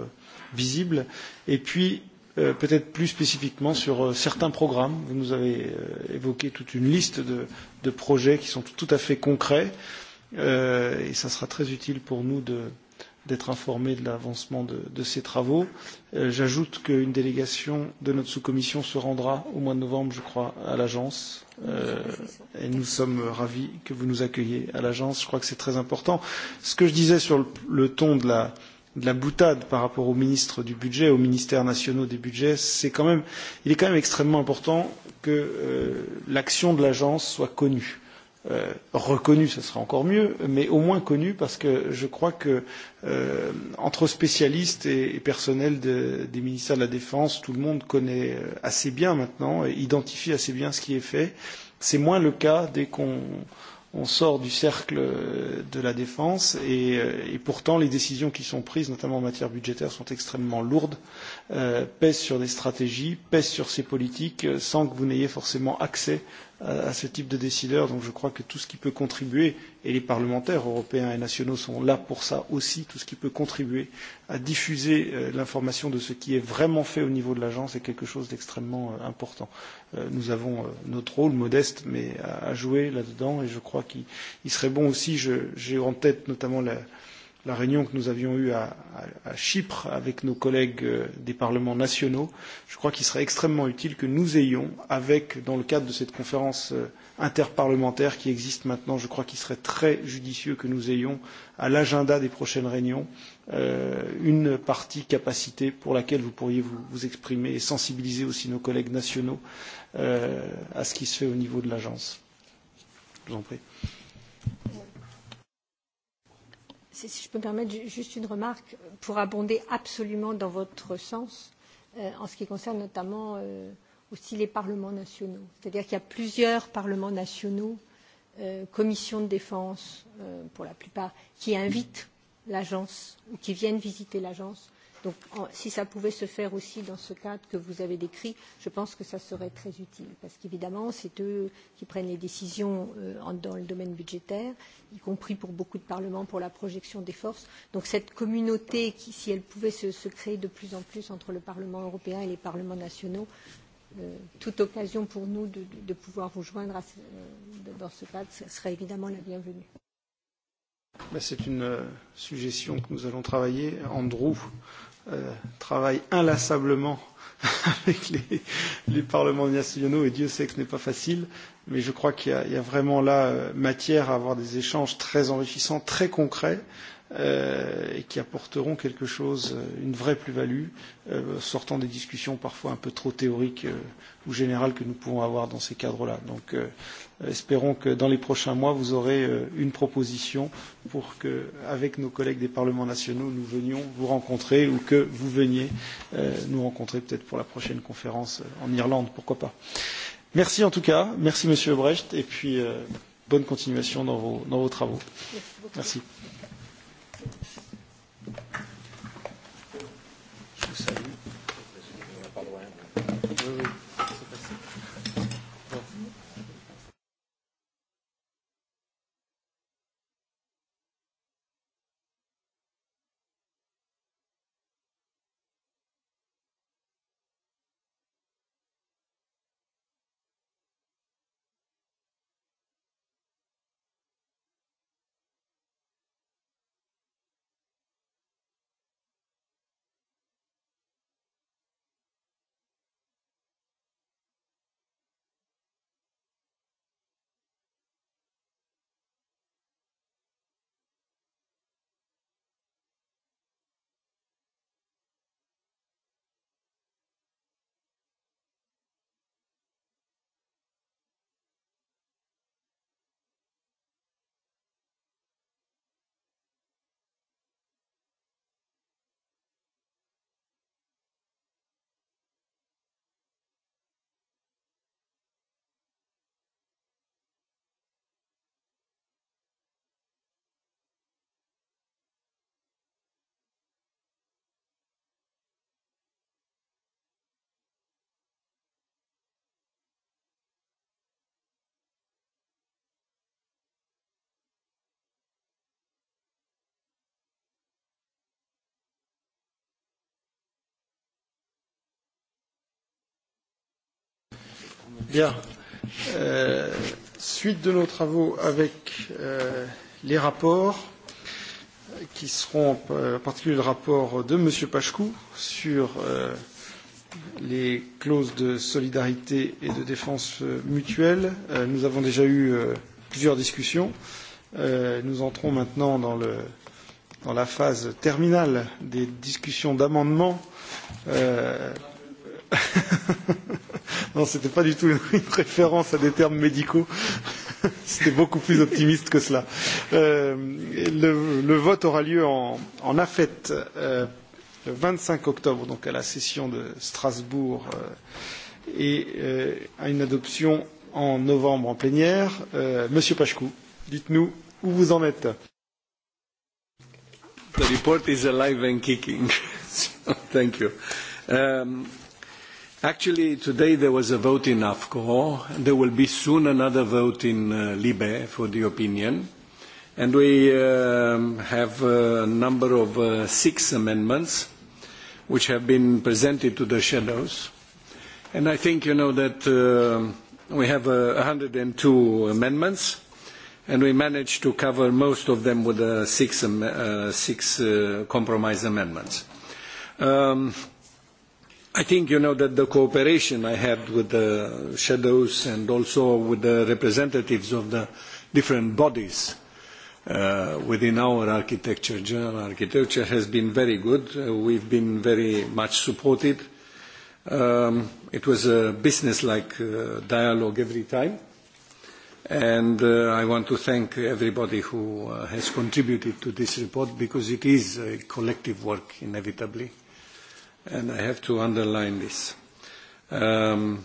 visibles. Et puis, peut-être plus spécifiquement sur certains programmes. Vous nous avez évoqué toute une liste de, projets qui sont tout à fait concrets et ça sera très utile pour nous d'être informés de l'avancement de, ces travaux. J'ajoute qu'une délégation de notre sous-commission se rendra au mois de novembre, je crois, à l'agence. et nous sommes ravis que vous nous accueilliez à l'agence. Je crois que c'est très important. Ce que je disais sur le ton de la de la boutade par rapport au ministre du budget, aux ministères nationaux des budgets, c'est quand même, il est quand même extrêmement important que l'action de l'agence soit connue. reconnue, ce serait encore mieux, mais au moins connue parce que je crois que entre spécialistes et, personnels des ministères de la Défense, tout le monde connaît assez bien maintenant et identifie assez bien ce qui est fait. C'est moins le cas dès qu'on on sort du cercle de la défense et, et pourtant les décisions qui sont prises, notamment en matière budgétaire, sont extrêmement lourdes, euh, pèsent sur des stratégies, pèsent sur ces politiques, sans que vous n'ayez forcément accès à ce type de décideurs. Donc je crois que tout ce qui peut contribuer, et les parlementaires européens et nationaux sont là pour ça aussi, tout ce qui peut contribuer à diffuser l'information de ce qui est vraiment fait au niveau de l'agence est quelque chose d'extrêmement important. Nous avons notre rôle modeste, mais à jouer là-dedans, et je crois qu'il serait bon aussi, j'ai en tête notamment la la réunion que nous avions eue à, Chypre avec nos collègues des parlements nationaux, je crois qu'il serait extrêmement utile que nous ayons, avec, dans le cadre de cette conférence interparlementaire qui existe maintenant, je crois qu'il serait très judicieux que nous ayons à l'agenda des prochaines réunions une partie capacité pour laquelle vous pourriez vous, exprimer et sensibiliser aussi nos collègues nationaux à ce qui se fait au niveau de l'agence. Je vous en prie si je peux me permettre juste une remarque pour abonder absolument dans votre sens en ce qui concerne notamment aussi les parlements nationaux. C'est-à-dire qu'il y a plusieurs parlements nationaux, commissions de défense pour la plupart, qui invitent l'agence ou qui viennent visiter l'agence Donc, si ça pouvait se faire aussi dans ce cadre que vous avez décrit, je pense que ça serait très utile. Parce qu'évidemment, c'est eux qui prennent les décisions dans le domaine budgétaire, y compris pour beaucoup de parlements, pour la projection des forces. Donc, cette communauté, qui, si elle pouvait se, se créer de plus en plus entre le Parlement européen et les parlements nationaux, toute occasion pour nous de, de pouvoir vous joindre à, dans ce cadre serait évidemment la bienvenue. C'est une suggestion que nous allons travailler. Andrew, travaille inlassablement avec les, parlements nationaux et Dieu sait que ce n'est pas facile mais je crois qu'il y, a vraiment là matière à avoir des échanges très enrichissants, très concrets, et qui apporteront quelque chose, une vraie plus-value, sortant des discussions parfois un peu trop théoriques ou générales que nous pouvons avoir dans ces cadres-là. Donc espérons que dans les prochains mois, vous aurez une proposition pour que, avec nos collègues des parlements nationaux, nous venions vous rencontrer ou que vous veniez nous rencontrer peut-être pour la prochaine conférence en Irlande, pourquoi pas. Merci en tout cas, merci Monsieur Brecht, et puis euh, bonne continuation dans vos, dans vos travaux. Merci. Bien. Euh, suite de nos travaux avec euh, les rapports qui seront en particulier le rapport de M. Pachkou sur euh, les clauses de solidarité et de défense mutuelle. Euh, nous avons déjà eu euh, plusieurs discussions. Euh, nous entrons maintenant dans, le, dans la phase terminale des discussions d'amendements. Euh, Non, c'était pas du tout une, référence à des termes médicaux. c'était beaucoup plus optimiste que cela. Euh, le, le vote aura lieu en, en AFET euh, le 25 octobre, donc à la session de Strasbourg, euh, et euh, à une adoption en novembre en plénière. Euh, Monsieur Pachkou, dites-nous où vous en êtes. The report is alive and kicking. so, thank you. Um, Actually, today there was a vote in AFCO. There will be soon another vote in uh, Libe for the opinion. And we um, have a number of uh, six amendments which have been presented to the shadows. And I think you know that uh, we have uh, 102 amendments and we managed to cover most of them with uh, six, um, uh, six uh, compromise amendments. Um, I think you know that the cooperation I had with the shadows and also with the representatives of the different bodies within our architecture, general architecture, has been very good. We've been very much supported. It was a business-like dialogue every time. And I want to thank everybody who has contributed to this report because it is a collective work, inevitably and I have to underline this. Um,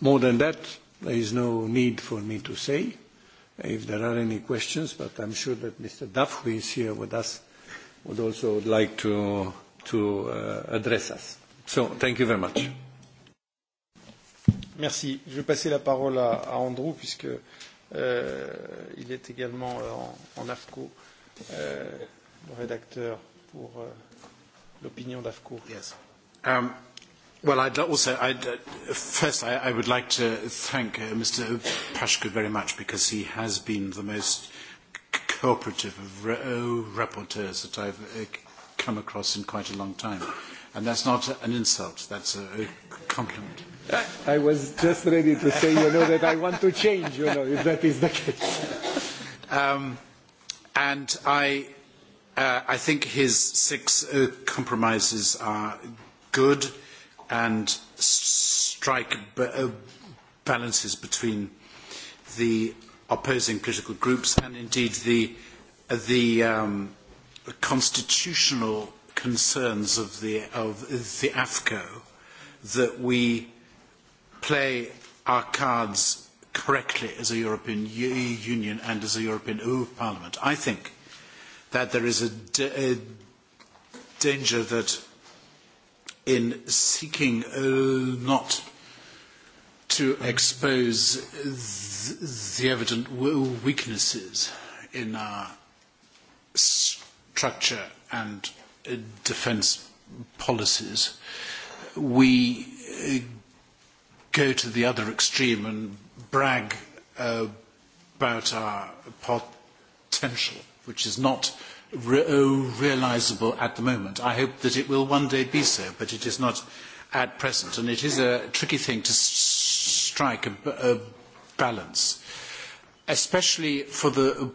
More than that, there is no need for me to say if there are any questions, but I'm sure that Mr. Duff, who is here with us, would also like to to uh, address us. So thank you very much. Merci. Je vais passer la parole à à Andrew, puisque euh, il est également en en AFCO euh, le rédacteur pour Euh l'opinion d'AFCO. Yes. Um, well, I'd also, I'd, uh, first, I, I would like to thank uh, Mr. Pashkud very much because he has been the most cooperative of re- oh, rapporteurs that I've uh, come across in quite a long time. And that's not an insult, that's a, a compliment. I was just ready to say, you know, that I want to change, you know, if that is the case. Um, and I I think his six compromises are good and strike balances between the opposing political groups and indeed the constitutional concerns of the AFCO that we play our cards correctly as a European Union and as a European Parliament. I think that there is a danger that in seeking not to expose the evident weaknesses in our structure and defence policies, we go to the other extreme and brag about our potential, which is not re- realizable at the moment. I hope that it will one day be so, but it is not at present. And it is a tricky thing to strike a, a balance, especially for the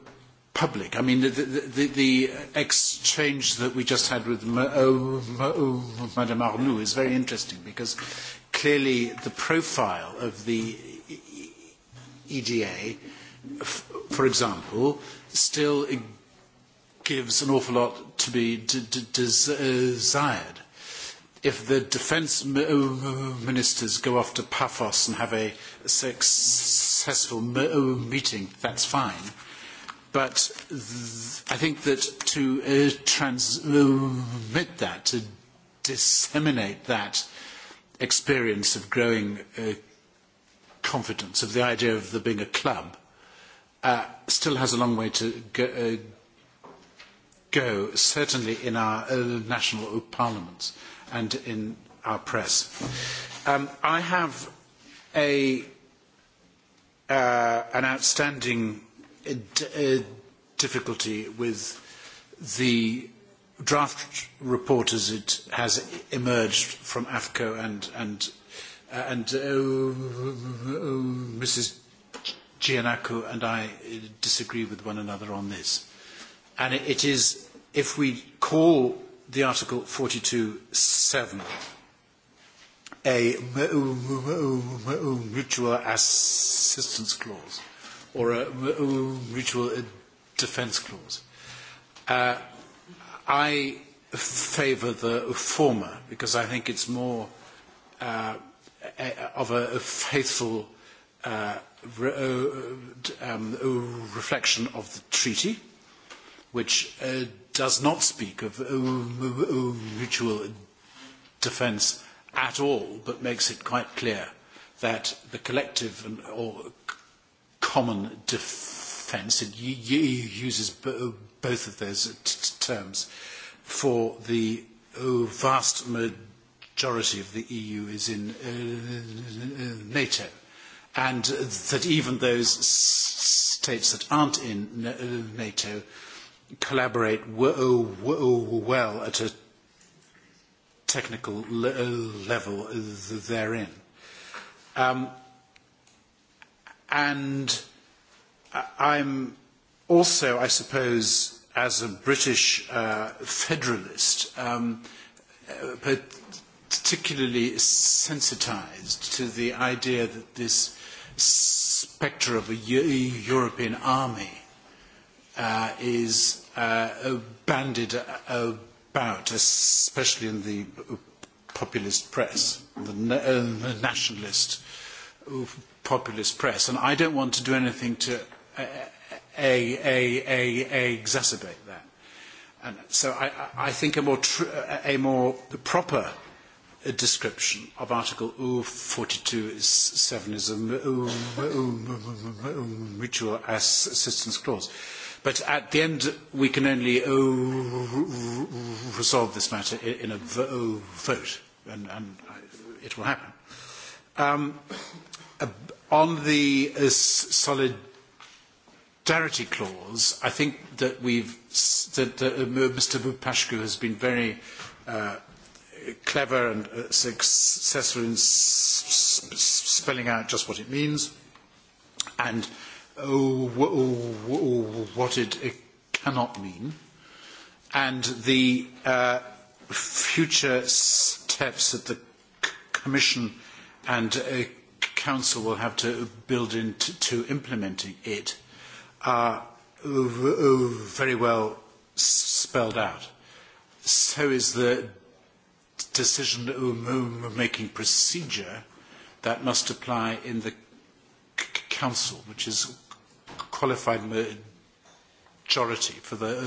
public. I mean, the, the, the exchange that we just had with Madame Arnoux is very interesting because clearly the profile of the EDA, for example, still gives an awful lot to be d- d- desired. If the defence ministers go off to Paphos and have a successful meeting, that's fine. But I think that to transmit that, to disseminate that experience of growing confidence, of the idea of there being a club, uh still has a long way to go, certainly in our national parliaments and in our press. I have an outstanding difficulty with the draft report as it has emerged from AFCO and, and, and Mrs. Giannakou and I disagree with one another on this. And it is if we call the Article 42.7 a mutual assistance clause or a mutual defence clause, uh, I favour the former because I think it's more uh, of a faithful uh, re- um, reflection of the treaty, which uh, does not speak of mutual defence at all, but makes it quite clear that the collective or common defence, it uses both of those terms, for the vast majority of the EU is in NATO. And that even those states that aren't in NATO collaborate well at a technical level therein. and I'm also, I suppose, as a British federalist, particularly sensitised to the idea that this spectre of a European army is bandied about, especially in the populist press, the nationalist populist press. And I don't want to do anything to exacerbate that. And so I, I think a more, tr- a more proper description of Article two seven is a mutual assistance clause But at the end, we can only resolve this matter in a vote, and, and it will happen. Um, on the uh, solidarity clause, I think that we've that uh, Mr. Bupashku has been very uh, clever and uh, successful in s- s- spelling out just what it means, and what it cannot mean, and the future steps that the Commission and Council will have to build into implementing it are very well spelled out. So is the decision-making procedure that must apply in the Council, which is qualified majority for the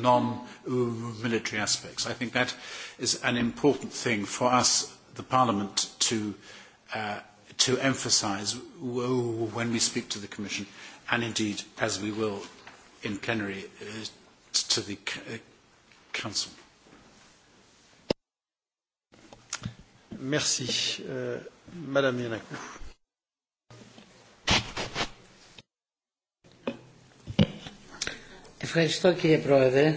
non-military aspects. I think that is an important thing for us, the Parliament, to, uh, to emphasise when we speak to the Commission and indeed as we will in plenary uh, to the uh, Council. Merci. Euh, Madame Yanakou. Ευχαριστώ κύριε Πρόεδρε.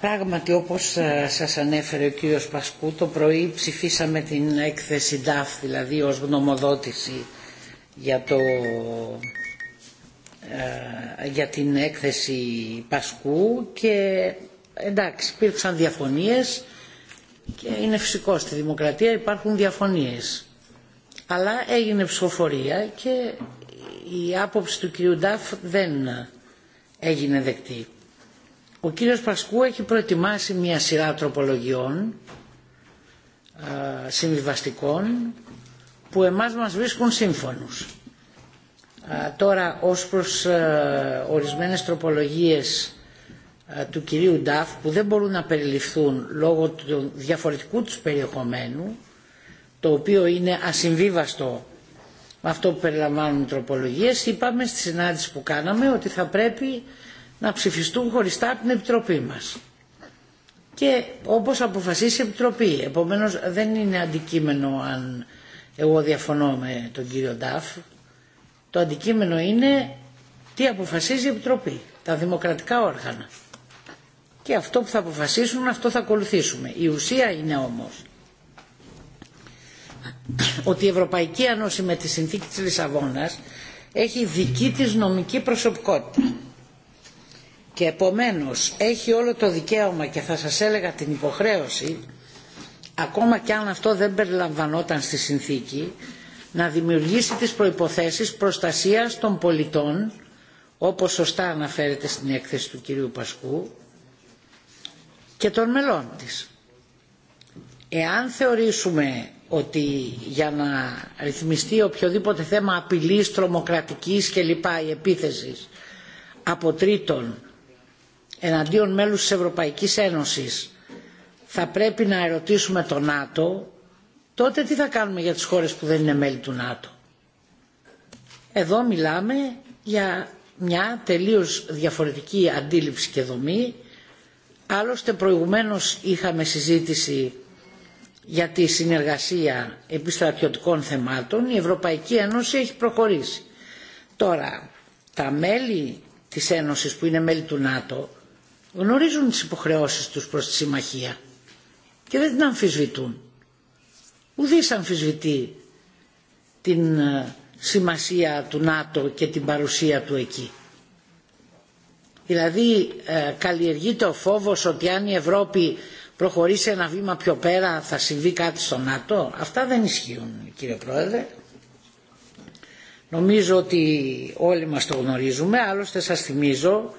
Πράγματι όπως σας ανέφερε ο κύριος Πασκού το πρωί ψηφίσαμε την έκθεση DAF δηλαδή ως γνωμοδότηση για, το, για την έκθεση Πασκού και εντάξει υπήρξαν διαφωνίες και είναι φυσικό στη δημοκρατία υπάρχουν διαφωνίες αλλά έγινε ψηφοφορία και η άποψη του κυρίου Νταφ δεν έγινε δεκτή. Ο κύριος Πασκού έχει προετοιμάσει μια σειρά τροπολογιών συμβιβαστικών που εμάς μας βρίσκουν σύμφωνους. Τώρα ως προς ορισμένες τροπολογίες του κυρίου Νταφ που δεν μπορούν να περιληφθούν λόγω του διαφορετικού τους περιεχομένου το οποίο είναι ασυμβίβαστο με αυτό που περιλαμβάνουν οι τροπολογίες, είπαμε στη συνάντηση που κάναμε ότι θα πρέπει να ψηφιστούν χωριστά από την Επιτροπή μας. Και όπως αποφασίσει η Επιτροπή. Επομένως δεν είναι αντικείμενο αν εγώ διαφωνώ με τον κύριο Νταφ. Το αντικείμενο είναι τι αποφασίζει η Επιτροπή, τα δημοκρατικά όργανα. Και αυτό που θα αποφασίσουν, αυτό θα ακολουθήσουμε. Η ουσία είναι όμως ότι η Ευρωπαϊκή Ένωση με τη συνθήκη της Λισαβόνας έχει δική της νομική προσωπικότητα και επομένως έχει όλο το δικαίωμα και θα σας έλεγα την υποχρέωση ακόμα και αν αυτό δεν περιλαμβανόταν στη συνθήκη να δημιουργήσει τις προϋποθέσεις προστασίας των πολιτών όπως σωστά αναφέρεται στην έκθεση του κυρίου Πασκού και των μελών της. Εάν θεωρήσουμε ότι για να ρυθμιστεί οποιοδήποτε θέμα απειλής, τρομοκρατικής λοιπά, η επίθεση από τρίτον εναντίον μέλους της Ευρωπαϊκής Ένωσης θα πρέπει να ερωτήσουμε το ΝΑΤΟ, τότε τι θα κάνουμε για τις χώρες που δεν είναι μέλη του ΝΑΤΟ. Εδώ μιλάμε για μια τελείως διαφορετική αντίληψη και δομή. Άλλωστε προηγουμένως είχαμε συζήτηση για τη συνεργασία επιστρατιωτικών θεμάτων η Ευρωπαϊκή Ένωση έχει προχωρήσει. Τώρα, τα μέλη της Ένωσης που είναι μέλη του ΝΑΤΟ γνωρίζουν τις υποχρεώσεις τους προς τη Συμμαχία και δεν την αμφισβητούν. Ουδής αμφισβητεί την σημασία του ΝΑΤΟ και την παρουσία του εκεί. Δηλαδή καλλιεργείται ο φόβος ότι αν η Ευρώπη προχωρήσει ένα βήμα πιο πέρα θα συμβεί κάτι στο ΝΑΤΟ. Αυτά δεν ισχύουν κύριε Πρόεδρε. Νομίζω ότι όλοι μας το γνωρίζουμε, άλλωστε σας θυμίζω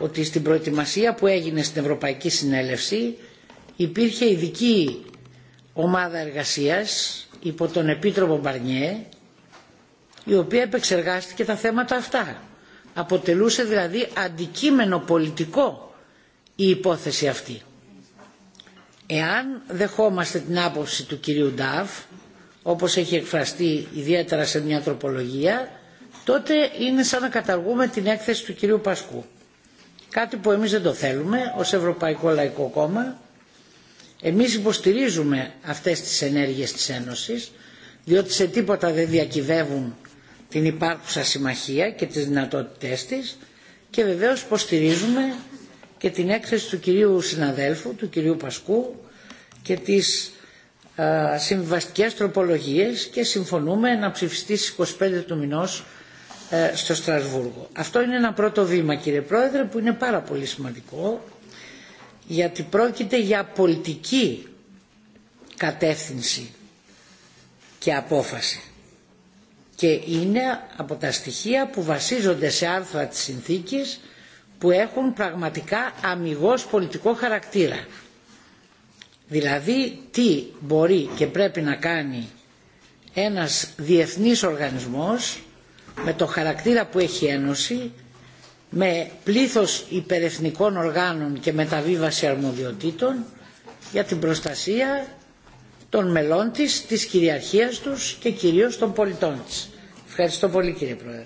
ότι στην προετοιμασία που έγινε στην Ευρωπαϊκή Συνέλευση υπήρχε ειδική ομάδα εργασίας υπό τον Επίτροπο Μπαρνιέ η οποία επεξεργάστηκε τα θέματα αυτά. Αποτελούσε δηλαδή αντικείμενο πολιτικό η υπόθεση αυτή. Εάν δεχόμαστε την άποψη του κυρίου Ντάβ, όπως έχει εκφραστεί ιδιαίτερα σε μια τροπολογία, τότε είναι σαν να καταργούμε την έκθεση του κυρίου Πασκού. Κάτι που εμείς δεν το θέλουμε ως Ευρωπαϊκό Λαϊκό Κόμμα. Εμείς υποστηρίζουμε αυτές τις ενέργειες της Ένωσης, διότι σε τίποτα δεν διακυβεύουν την υπάρχουσα συμμαχία και τις δυνατότητές της και βεβαίως υποστηρίζουμε και την έκθεση του κυρίου συναδέλφου, του κυρίου Πασκού και τις α, συμβαστικές τροπολογίες και συμφωνούμε να ψηφιστεί στις 25 του μηνός ε, στο Στρασβούργο. Αυτό είναι ένα πρώτο βήμα κύριε Πρόεδρε που είναι πάρα πολύ σημαντικό γιατί πρόκειται για πολιτική κατεύθυνση και απόφαση και είναι από τα στοιχεία που βασίζονται σε άρθρα της συνθήκης που έχουν πραγματικά αμυγός πολιτικό χαρακτήρα. Δηλαδή τι μπορεί και πρέπει να κάνει ένας διεθνής οργανισμός με το χαρακτήρα που έχει ένωση, με πλήθος υπερεθνικών οργάνων και μεταβίβαση αρμοδιοτήτων για την προστασία των μελών της, της κυριαρχίας τους και κυρίως των πολιτών της. Ευχαριστώ πολύ κύριε Πρόεδρε.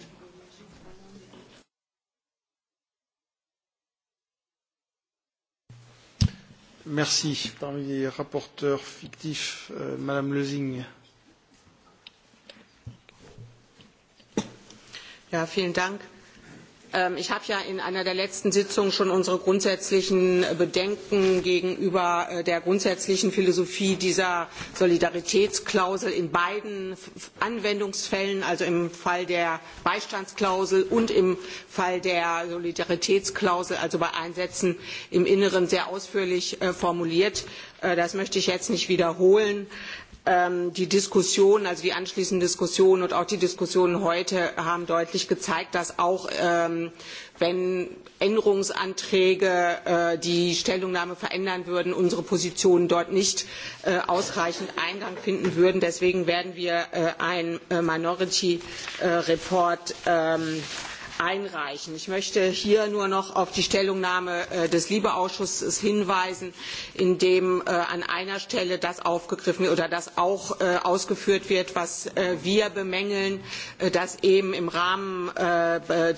Merci. Parmi les rapporteurs fictifs, euh, Madame Lezing. Ja, vielen Dank. Ich habe ja in einer der letzten Sitzungen schon unsere grundsätzlichen Bedenken gegenüber der grundsätzlichen Philosophie dieser Solidaritätsklausel in beiden Anwendungsfällen, also im Fall der Beistandsklausel und im Fall der Solidaritätsklausel, also bei Einsätzen im Inneren, sehr ausführlich formuliert. Das möchte ich jetzt nicht wiederholen die Diskussion, also die anschließenden Diskussionen und auch die Diskussionen heute haben deutlich gezeigt, dass auch wenn Änderungsanträge die Stellungnahme verändern würden, unsere Positionen dort nicht ausreichend Eingang finden würden. Deswegen werden wir einen Minority Report einreichen. Ich möchte hier nur noch auf die Stellungnahme des LIBE Ausschusses hinweisen, in dem an einer Stelle das aufgegriffen oder das auch ausgeführt wird, was wir bemängeln, dass eben im Rahmen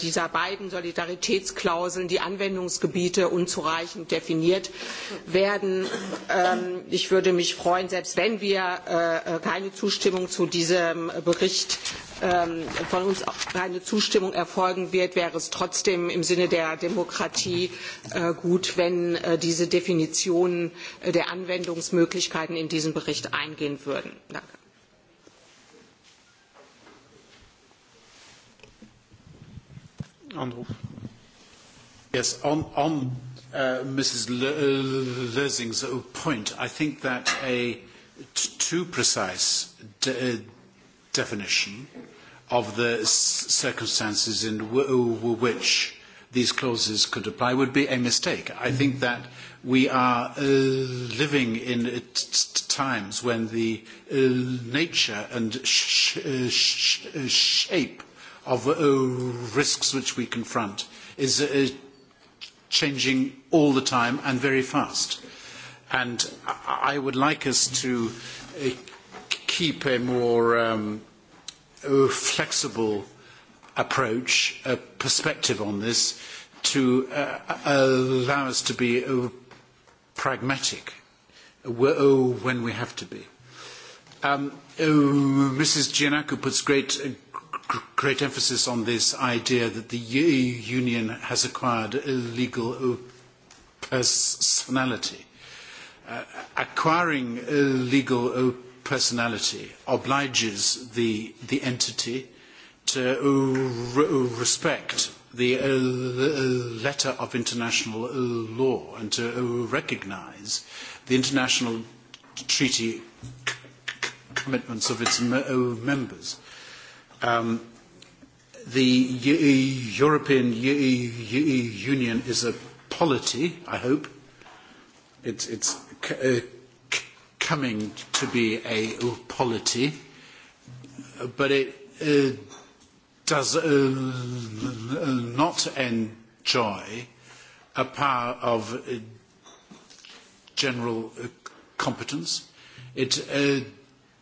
dieser beiden Solidaritätsklauseln die Anwendungsgebiete unzureichend definiert werden. Ich würde mich freuen, selbst wenn wir keine Zustimmung zu diesem Bericht von uns keine Zustimmung erfolgen wird, wäre es trotzdem im Sinne der Demokratie gut, wenn diese Definitionen der Anwendungsmöglichkeiten in diesen Bericht eingehen würden. Yes, on, on uh, Mrs. Lersing's point, I think that a too precise de definition of the circumstances in which these clauses could apply would be a mistake. I think that we are living in times when the nature and shape of risks which we confront is changing all the time and very fast. And I would like us to keep a more flexible approach, a perspective on this, to allow us to be pragmatic when we have to be. Mrs. Giannakou puts great, great emphasis on this idea that the union has acquired a legal personality. acquiring legal personality obliges the, the entity to respect the letter of international law and to recognise the international treaty commitments of its members. the European Union is a polity, I hope. It's, it's coming to be a polity, but it does not enjoy a power of general competence. It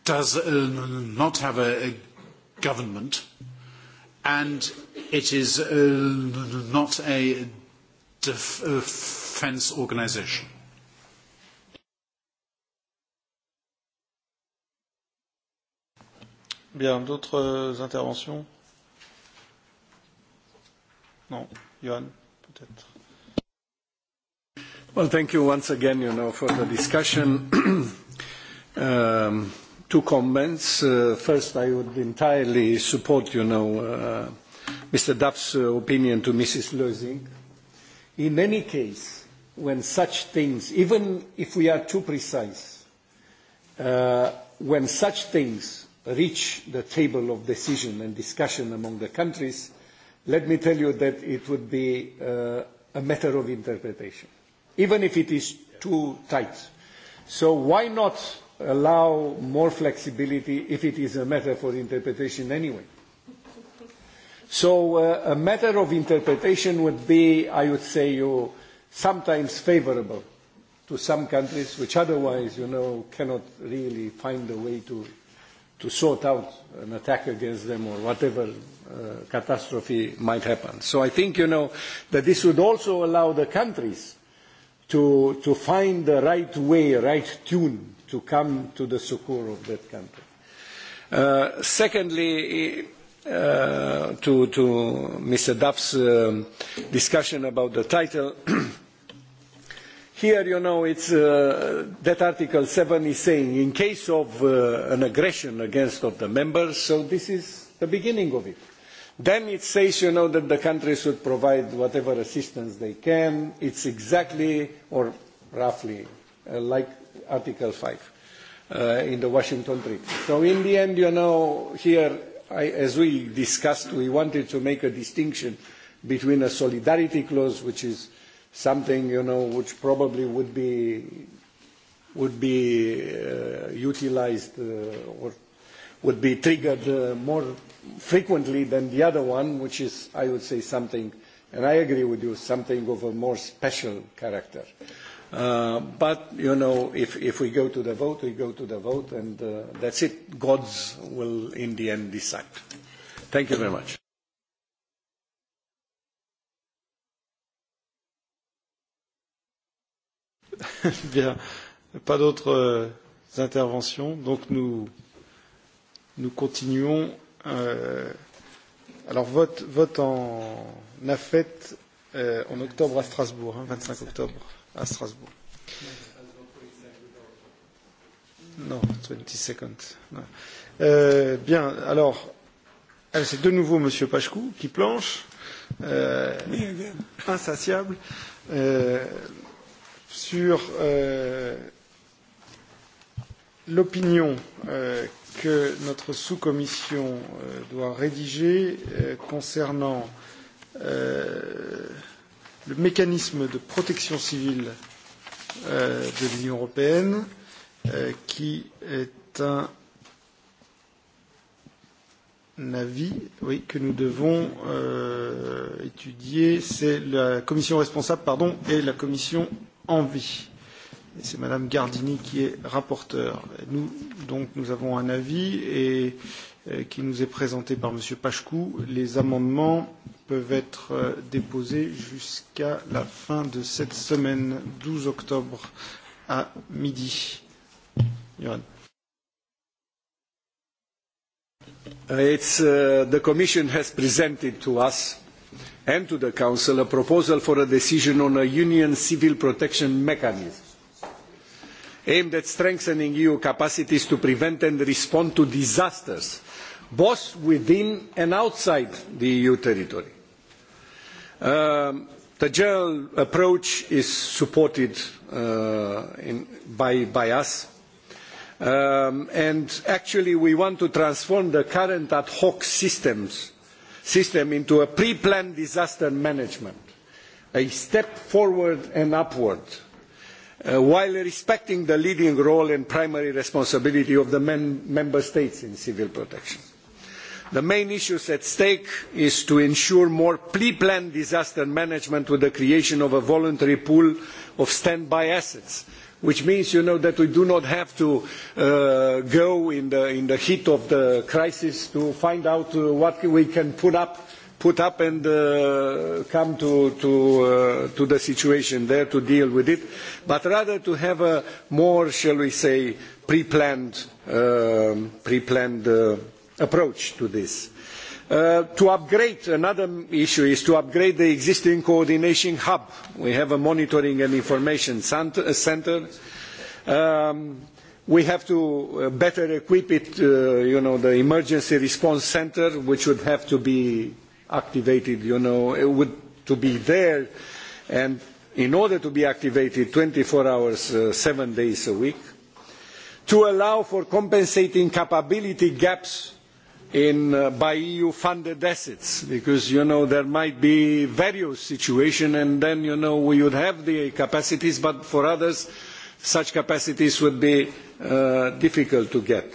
does not have a government, and it is not a defence organisation. Bien, d'autres interventions Non, Johan, peut-être. Well, thank you once again, you know, for the discussion. um, two comments. Uh, first, I would entirely support, you know, uh, Mr. Duff's uh, opinion to Mrs. Lösing. In any case, when such things, even if we are too precise, uh, when such things reach the table of decision and discussion among the countries, let me tell you that it would be uh, a matter of interpretation, even if it is too tight. So why not allow more flexibility if it is a matter for interpretation anyway? So uh, a matter of interpretation would be, I would say, you sometimes favorable to some countries which otherwise, you know, cannot really find a way to to sort out an attack against them or whatever uh, catastrophe might happen. So I think, you know, that this would also allow the countries to, to find the right way, right tune to come to the succor of that country. Uh, secondly, uh, to, to Mr. Duff's uh, discussion about the title, Here, you know, it's, uh, that Article 7 is saying, in case of uh, an aggression against of the members, so this is the beginning of it. Then it says, you know, that the country should provide whatever assistance they can. It's exactly, or roughly, uh, like Article 5 uh, in the Washington Treaty. So in the end, you know, here, I, as we discussed, we wanted to make a distinction between a solidarity clause, which is – something you know which probably would be would be uh, utilized uh, or would be triggered uh, more frequently than the other one, which is, I would say, something, and I agree with you, something of a more special character. Uh, but, you know, if, if we go to the vote, we go to the vote, and uh, that's it. Gods will, in the end, decide. Thank you very much. Bien. Pas d'autres interventions. Donc nous, nous continuons. Euh, alors vote, vote en AFET euh, en octobre à Strasbourg, hein, 25 octobre à Strasbourg. Non, 20 seconds. Euh, bien, alors, c'est de nouveau Monsieur Pachkou qui planche, euh, insatiable. Euh, sur l'opinion que notre sous-commission doit rédiger concernant le mécanisme de protection civile de l'Union européenne, qui est un avis oui, que nous devons étudier. C'est la commission responsable pardon, et la commission Envie. Et C'est Madame Gardini qui est rapporteure. Et Nous, donc, nous avons un avis et qui nous est présenté par Monsieur Pachkou. Les amendements peuvent être déposés jusqu'à la fin de cette semaine, 12 octobre à midi. Johan. It's, uh, the Commission has presented to us and to the Council a proposal for a decision on a Union civil protection mechanism aimed at strengthening EU capacities to prevent and respond to disasters, both within and outside the EU territory. the general approach is supported by, us, and actually we want to transform the current ad hoc systems system into a pre-planned disaster management, a step forward and upward, while respecting the leading role and primary responsibility of the member states in civil protection. The main issues at stake is to ensure more pre-planned disaster management with the creation of a voluntary pool of standby assets which means you know that we do not have to go in the in the heat of the crisis to find out what we can put up put up and come to to to the situation there to deal with it but rather to have a more shall we say pre-planned pre-planned approach to this to upgrade, another issue is to upgrade the existing coordination hub. We have a monitoring and information centre. we have to better equip it, you know, the emergency response centre, which would have to be activated, you know, it would to be there. And in order to be activated twenty four hours, uh, seven days a week, to allow for compensating capability gaps by EU funded assets because you know there might be various situations and then you know we would have the capacities but for others such capacities would be difficult to get.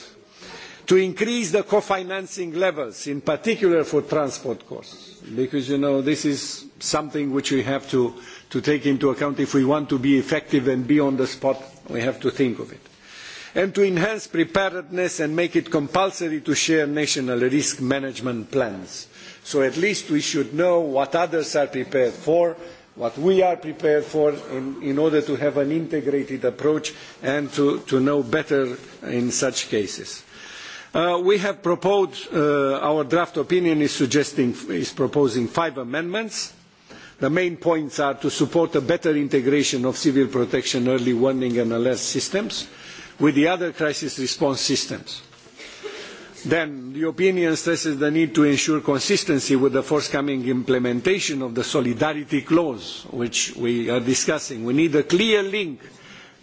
To increase the co-financing levels in particular for transport costs because you know this is something which we have to, to take into account if we want to be effective and be on the spot we have to think of it and to enhance preparedness and make it compulsory to share national risk management plans. So at least we should know what others are prepared for, what we are prepared for in, order to have an integrated approach and to, know better in such cases. we have proposed, our draft opinion is, suggesting, is proposing five amendments. The main points are to support a better integration of civil protection early warning and alert systems, with the other crisis response systems. Then, the European Union stresses the need to ensure consistency with the forthcoming implementation of the Solidarity Clause, which we are discussing. We need a clear link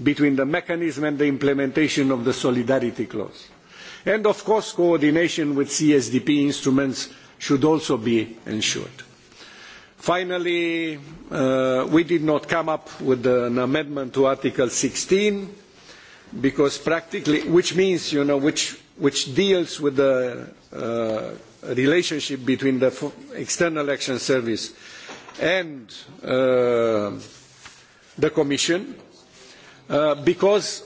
between the mechanism and the implementation of the Solidarity Clause. And, of course, coordination with CSDP instruments should also be ensured. Finally, we did not come up with an amendment to Article sixteen because practically, which means, you know, which, which deals with the uh, relationship between the External Action Service and uh, the Commission, uh, because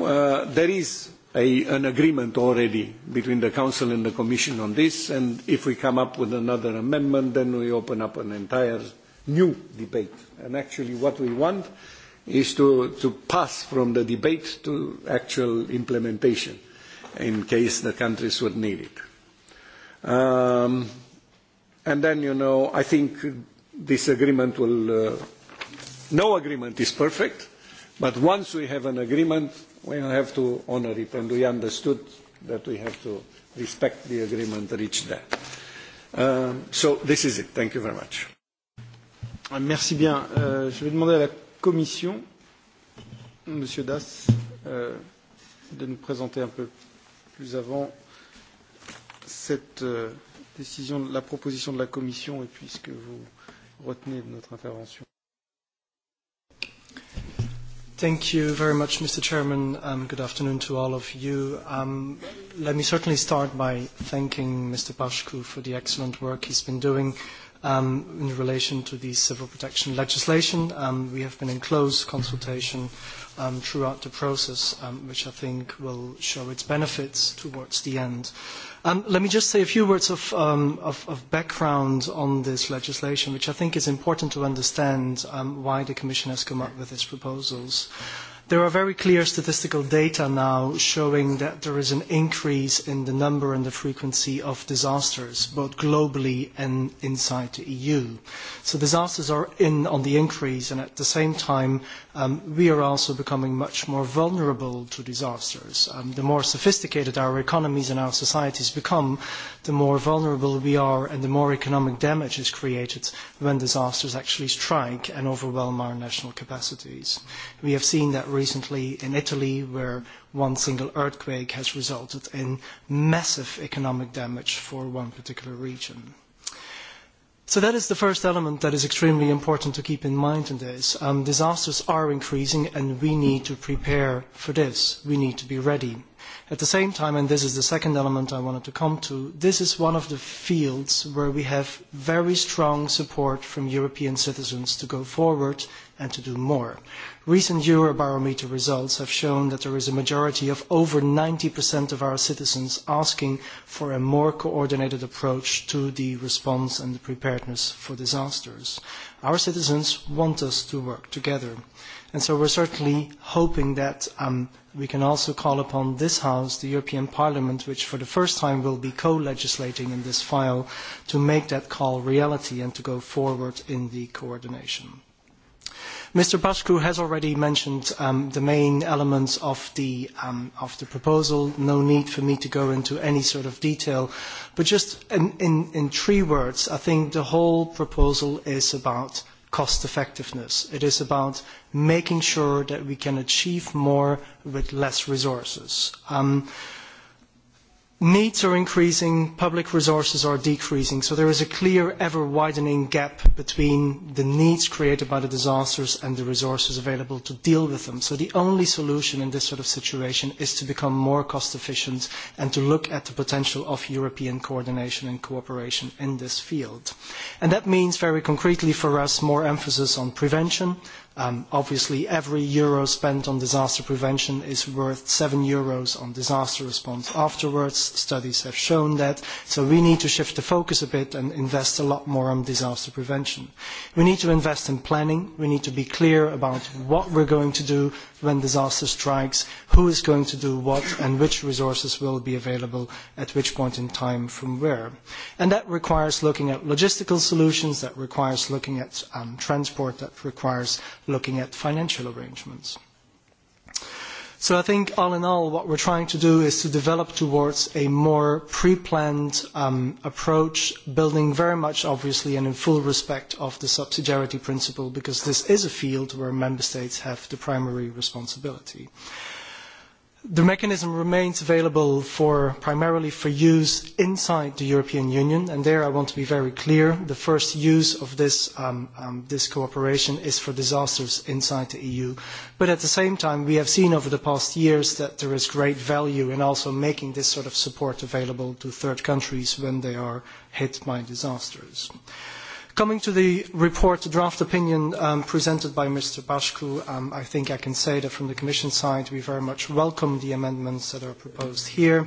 uh, there is a, an agreement already between the Council and the Commission on this, and if we come up with another amendment, then we open up an entire new debate. And actually what we want is to, to pass from the debate to actual implementation in case the countries would need it. Um, and then, you know, I think this agreement will, uh, no agreement is perfect, but once we have an agreement, we have to honor it, and we understood that we have to respect the agreement reached there. Um, so this is it. Thank you very much. Merci bien. Euh, je vais demander à la Commission, Monsieur Das, euh, de nous présenter un peu plus avant cette euh, décision, la proposition de la Commission et puis ce que vous retenez de notre intervention. Thank you very much, Mr. Chairman. Um, good afternoon to all of you. Um, let me certainly start by thanking Mr. Pashku for the excellent work he's been doing um, in relation to the civil protection legislation. Um, we have been in close consultation um, throughout the process, um, which I think will show its benefits towards the end. Um, let me just say a few words of, um, of, of background on this legislation, which I think is important to understand um, why the Commission has come up with its proposals. There are very clear statistical data now showing that there is an increase in the number and the frequency of disasters, both globally and inside the EU. So disasters are in on the increase, and at the same time, we are also becoming much more vulnerable to disasters. the more sophisticated our economies and our societies become, the more vulnerable we are and the more economic damage is created when disasters actually strike and overwhelm our national capacities. We have seen that recently in Italy, where one single earthquake has resulted in massive economic damage for one particular region. So that is the first element that is extremely important to keep in mind in this. disasters are increasing and we need to prepare for this. We need to be ready. At the same time, and this is the second element I wanted to come to, this is one of the fields where we have very strong support from European citizens to go forward and to do more. Recent Eurobarometer results have shown that there is a majority of over 90% of our citizens asking for a more coordinated approach to the response and the preparedness for disasters. Our citizens want us to work together. And so we're certainly hoping that we can also call upon this House, the European Parliament, which for the first time will be co-legislating in this file, to make that call reality and to go forward in the coordination. Mr. Bashku has already mentioned the main elements of the, proposal. No need for me to go into any sort of detail. But just in, three words, I think the whole proposal is about cost effectiveness. It is about making sure that we can achieve more with less resources. Um, needs are increasing, public resources are decreasing. So there is a clear, ever widening gap between the needs created by the disasters and the resources available to deal with them. So the only solution in this sort of situation is to become more cost efficient and to look at the potential of European coordination and cooperation in this field. And that means very concretely for us more emphasis on prevention, obviously, every euro spent on disaster prevention is worth seven euros on disaster response afterwards. Studies have shown that. So we need to shift the focus a bit and invest a lot more on disaster prevention. We need to invest in planning. We need to be clear about what we're going to do, when disaster strikes, who is going to do what and which resources will be available at which point in time from where. And that requires looking at logistical solutions, that requires looking at transport, that requires looking at financial arrangements. So I think all in all, what we're trying to do is to develop towards a more pre-planned approach, building very much, obviously, and in full respect of the subsidiarity principle, because this is a field where member states have the primary responsibility. The mechanism remains available for primarily for use inside the European Union, and there I want to be very clear. The first use of this, cooperation is for disasters inside the EU. But at the same time, we have seen over the past years that there is great value in also making this sort of support available to third countries when they are hit by disasters. Coming to the report, the draft opinion presented by Mr. Bashku, I think I can say that from the Commission side, we very much welcome the amendments that are proposed here.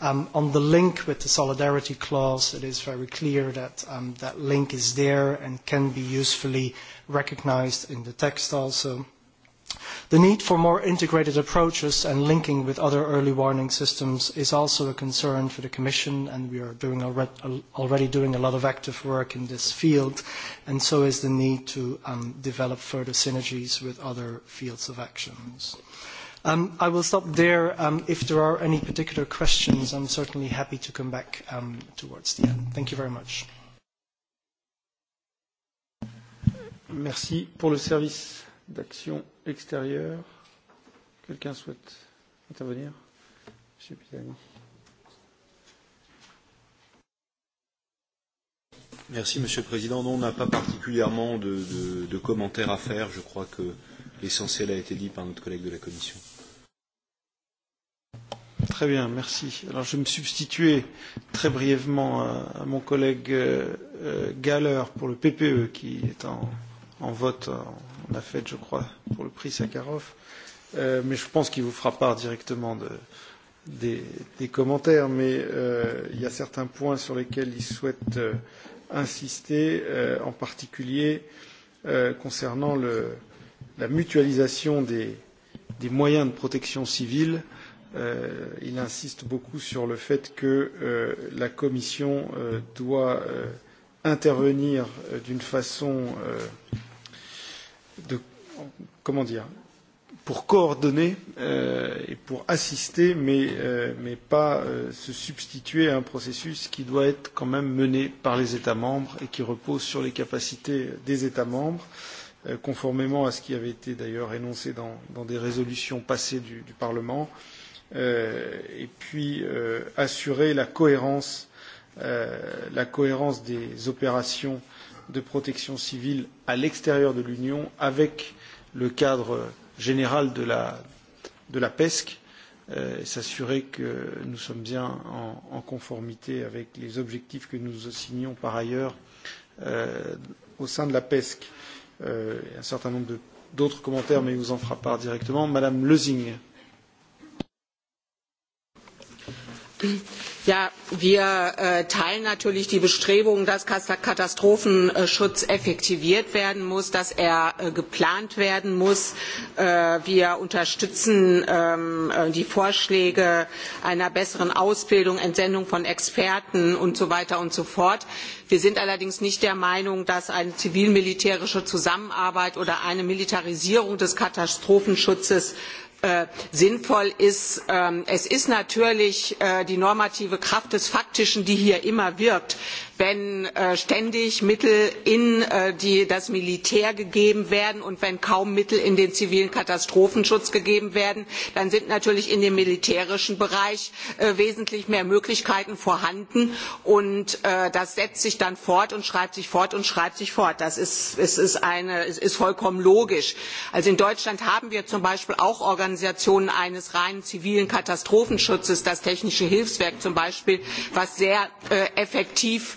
on the link with the solidarity clause, it is very clear that that link is there and can be usefully recognised in the text also The need for more integrated approaches and linking with other early warning systems is also a concern for the Commission, and we are doing already doing a lot of active work in this field, and so is the need to develop further synergies with other fields of actions. I will stop there. If there are any particular questions, I'm certainly happy to come back towards the end. Thank you very much. Merci pour le service d'action extérieure. Quelqu'un souhaite intervenir Monsieur Pitani. Merci Monsieur le Président. Non, on n'a pas particulièrement de, de, de commentaires à faire. Je crois que l'essentiel a été dit par notre collègue de la Commission. Très bien, merci. Alors je vais me substituer très brièvement à, à mon collègue euh, Galler pour le PPE qui est en en vote, on a fait, je crois, pour le prix Sakharov. Euh, mais je pense qu'il vous fera part directement de, des, des commentaires. Mais euh, il y a certains points sur lesquels il souhaite euh, insister, euh, en particulier euh, concernant le, la mutualisation des, des moyens de protection civile. Euh, il insiste beaucoup sur le fait que euh, la Commission euh, doit euh, intervenir d'une façon euh, comment dire, pour coordonner et pour assister, mais, mais pas se substituer à un processus qui doit être quand même mené par les États membres et qui repose sur les capacités des États membres, conformément à ce qui avait été d'ailleurs énoncé dans, dans des résolutions passées du, du Parlement, et puis assurer la cohérence, la cohérence des opérations de protection civile à l'extérieur de l'Union avec le cadre général de la, de la PESC, euh, s'assurer que nous sommes bien en, en conformité avec les objectifs que nous assignons par ailleurs euh, au sein de la PESC. Euh, un certain nombre d'autres commentaires, mais il vous en fera part directement. Madame Lezing. Ja, wir teilen natürlich die Bestrebungen, dass Katastrophenschutz effektiviert werden muss, dass er geplant werden muss. wir unterstützen die Vorschläge einer besseren Ausbildung, Entsendung von Experten und so weiter und so fort. Wir sind allerdings nicht der Meinung, dass eine zivil-militärische Zusammenarbeit oder eine Militarisierung des Katastrophenschutzes sinnvoll ist. es ist natürlich die normative kraft des faktischen die hier immer wirkt wenn ständig Mittel in das Militär gegeben werden und wenn kaum Mittel in den zivilen Katastrophenschutz gegeben werden, dann sind natürlich in dem militärischen Bereich wesentlich mehr Möglichkeiten vorhanden und das setzt sich dann fort und schreibt sich fort und schreibt sich fort. Das ist, vollkommen logisch. Also in Deutschland haben wir zum Beispiel auch Organisationen eines reinen zivilen Katastrophenschutzes, das Technische Hilfswerk zum Beispiel, was sehr effektiv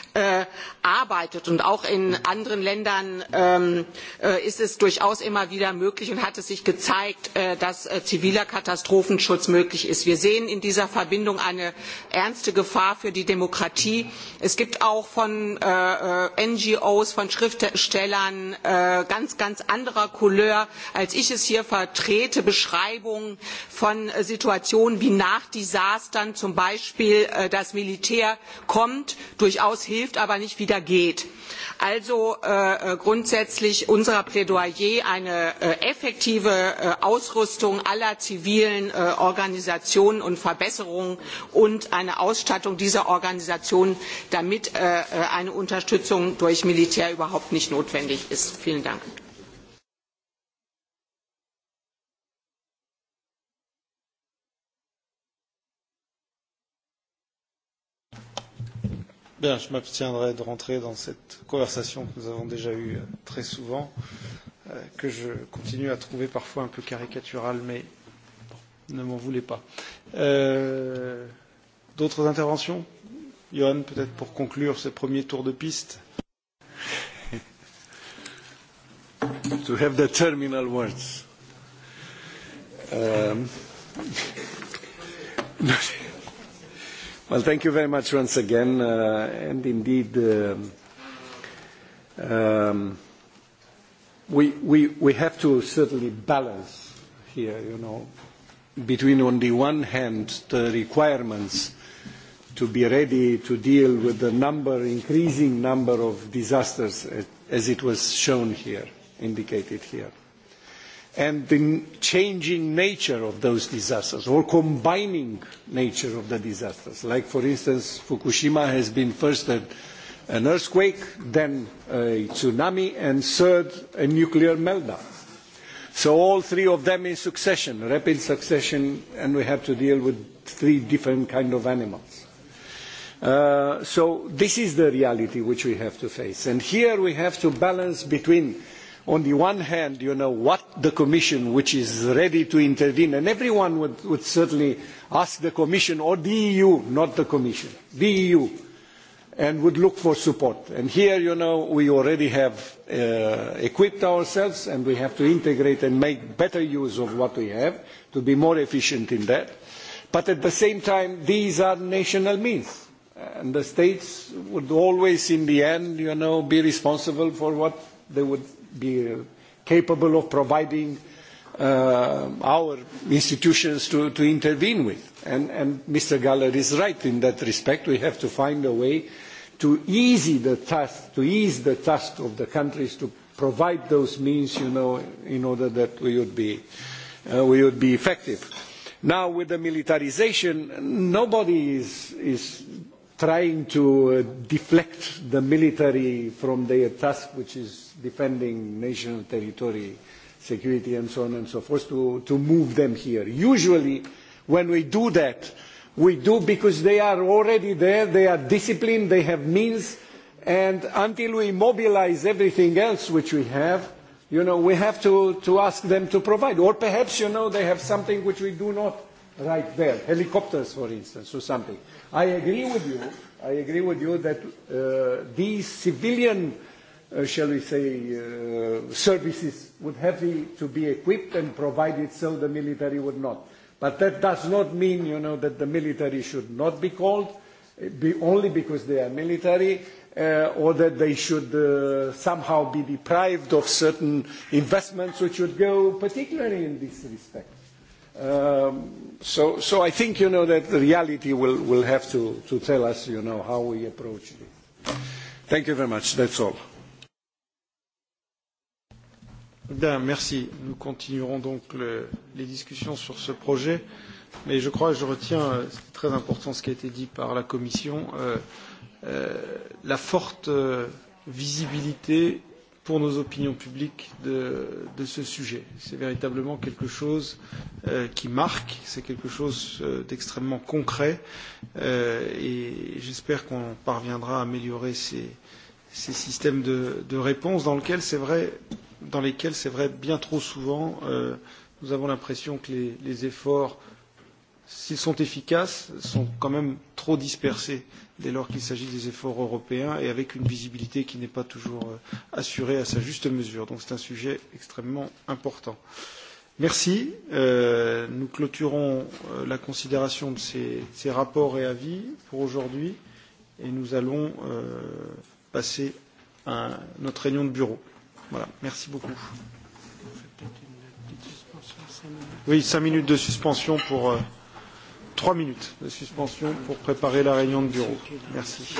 arbeitet. Und auch in anderen Ländern ist es durchaus immer wieder möglich und hat es sich gezeigt, dass ziviler Katastrophenschutz möglich ist. Wir sehen in dieser Verbindung eine ernste Gefahr für die Demokratie. Es gibt auch von NGOs, von Schriftstellern ganz, ganz anderer Couleur, als ich es hier vertrete, Beschreibungen von Situationen, wie nach Desastern zum Beispiel das Militär kommt, durchaus hilft hilft aber nicht wieder geht. also grundsätzlich unser plädoyer eine effektive ausrüstung aller zivilen organisationen und verbesserung und eine ausstattung dieser organisationen damit eine unterstützung durch militär überhaupt nicht notwendig ist. vielen dank. Bien, je m'abstiendrai de rentrer dans cette conversation que nous avons déjà eue très souvent, que je continue à trouver parfois un peu caricaturale, mais ne m'en voulez pas. Euh, D'autres interventions Johan, peut-être pour conclure ce premier tour de piste To have the terminal words. Um... Well, thank you very much once again. and indeed, we, we, we have to certainly balance here, you know, between on the one hand the requirements to be ready to deal with the number, increasing number of disasters as it was shown here, indicated here and the changing nature of those disasters or combining nature of the disasters. Like, for instance, Fukushima has been first an, earthquake, then a tsunami, and third, a nuclear meltdown. So all three of them in succession, rapid succession, and we have to deal with three different kinds of animals. so this is the reality which we have to face. And here we have to balance between on the one hand, you know, what the Commission, which is ready to intervene, and everyone would, would certainly ask the Commission or the EU, not the Commission, the EU, and would look for support. And here, you know, we already have equipped ourselves and we have to integrate and make better use of what we have to be more efficient in that. But at the same time, these are national means. And the states would always, in the end, you know, be responsible for what they would be capable of providing our institutions to, to intervene with. And, and Mr. Galler is right in that respect. We have to find a way to easy the task, to ease the task of the countries to provide those means, you know, in order that we would be, uh, we would be effective. Now, with the militarization, nobody is, is trying to deflect the military from their task, which is defending national territory, security, and so on and so forth, to, to move them here. Usually, when we do that, we do because they are already there, they are disciplined, they have means, and until we mobilize everything else which we have, you know, we have to, to ask them to provide. Or perhaps, you know, they have something which we do not right there, helicopters, for instance, or something. I agree with you. I agree with you that uh, these civilian, uh, shall we say, uh, services would have to be equipped and provided so the military would not. But that does not mean, you know, that the military should not be called be only because they are military uh, or that they should uh, somehow be deprived of certain investments which would go particularly in this respect so, so I think you know that the reality will, will have to, to tell us you know, how we approach it. Thank you very much. That's all. Bien, merci. Nous continuerons donc le, les discussions sur ce projet. Mais je crois, je retiens, c'est très important ce qui a été dit par la Commission, euh, euh, la forte visibilité pour nos opinions publiques de, de ce sujet. C'est véritablement quelque chose euh, qui marque, c'est quelque chose d'extrêmement concret euh, et j'espère qu'on parviendra à améliorer ces, ces systèmes de, de réponse dans, lequel vrai, dans lesquels c'est vrai bien trop souvent euh, nous avons l'impression que les, les efforts, s'ils sont efficaces, sont quand même trop dispersés dès lors qu'il s'agit des efforts européens et avec une visibilité qui n'est pas toujours assurée à sa juste mesure. Donc c'est un sujet extrêmement important. Merci. nous clôturons la considération de ces, rapports et avis pour aujourd'hui et nous allons passer à notre réunion de bureau. Voilà. Merci beaucoup. Oui, cinq minutes de suspension pour trois minutes de suspension pour préparer la réunion de bureau. Merci.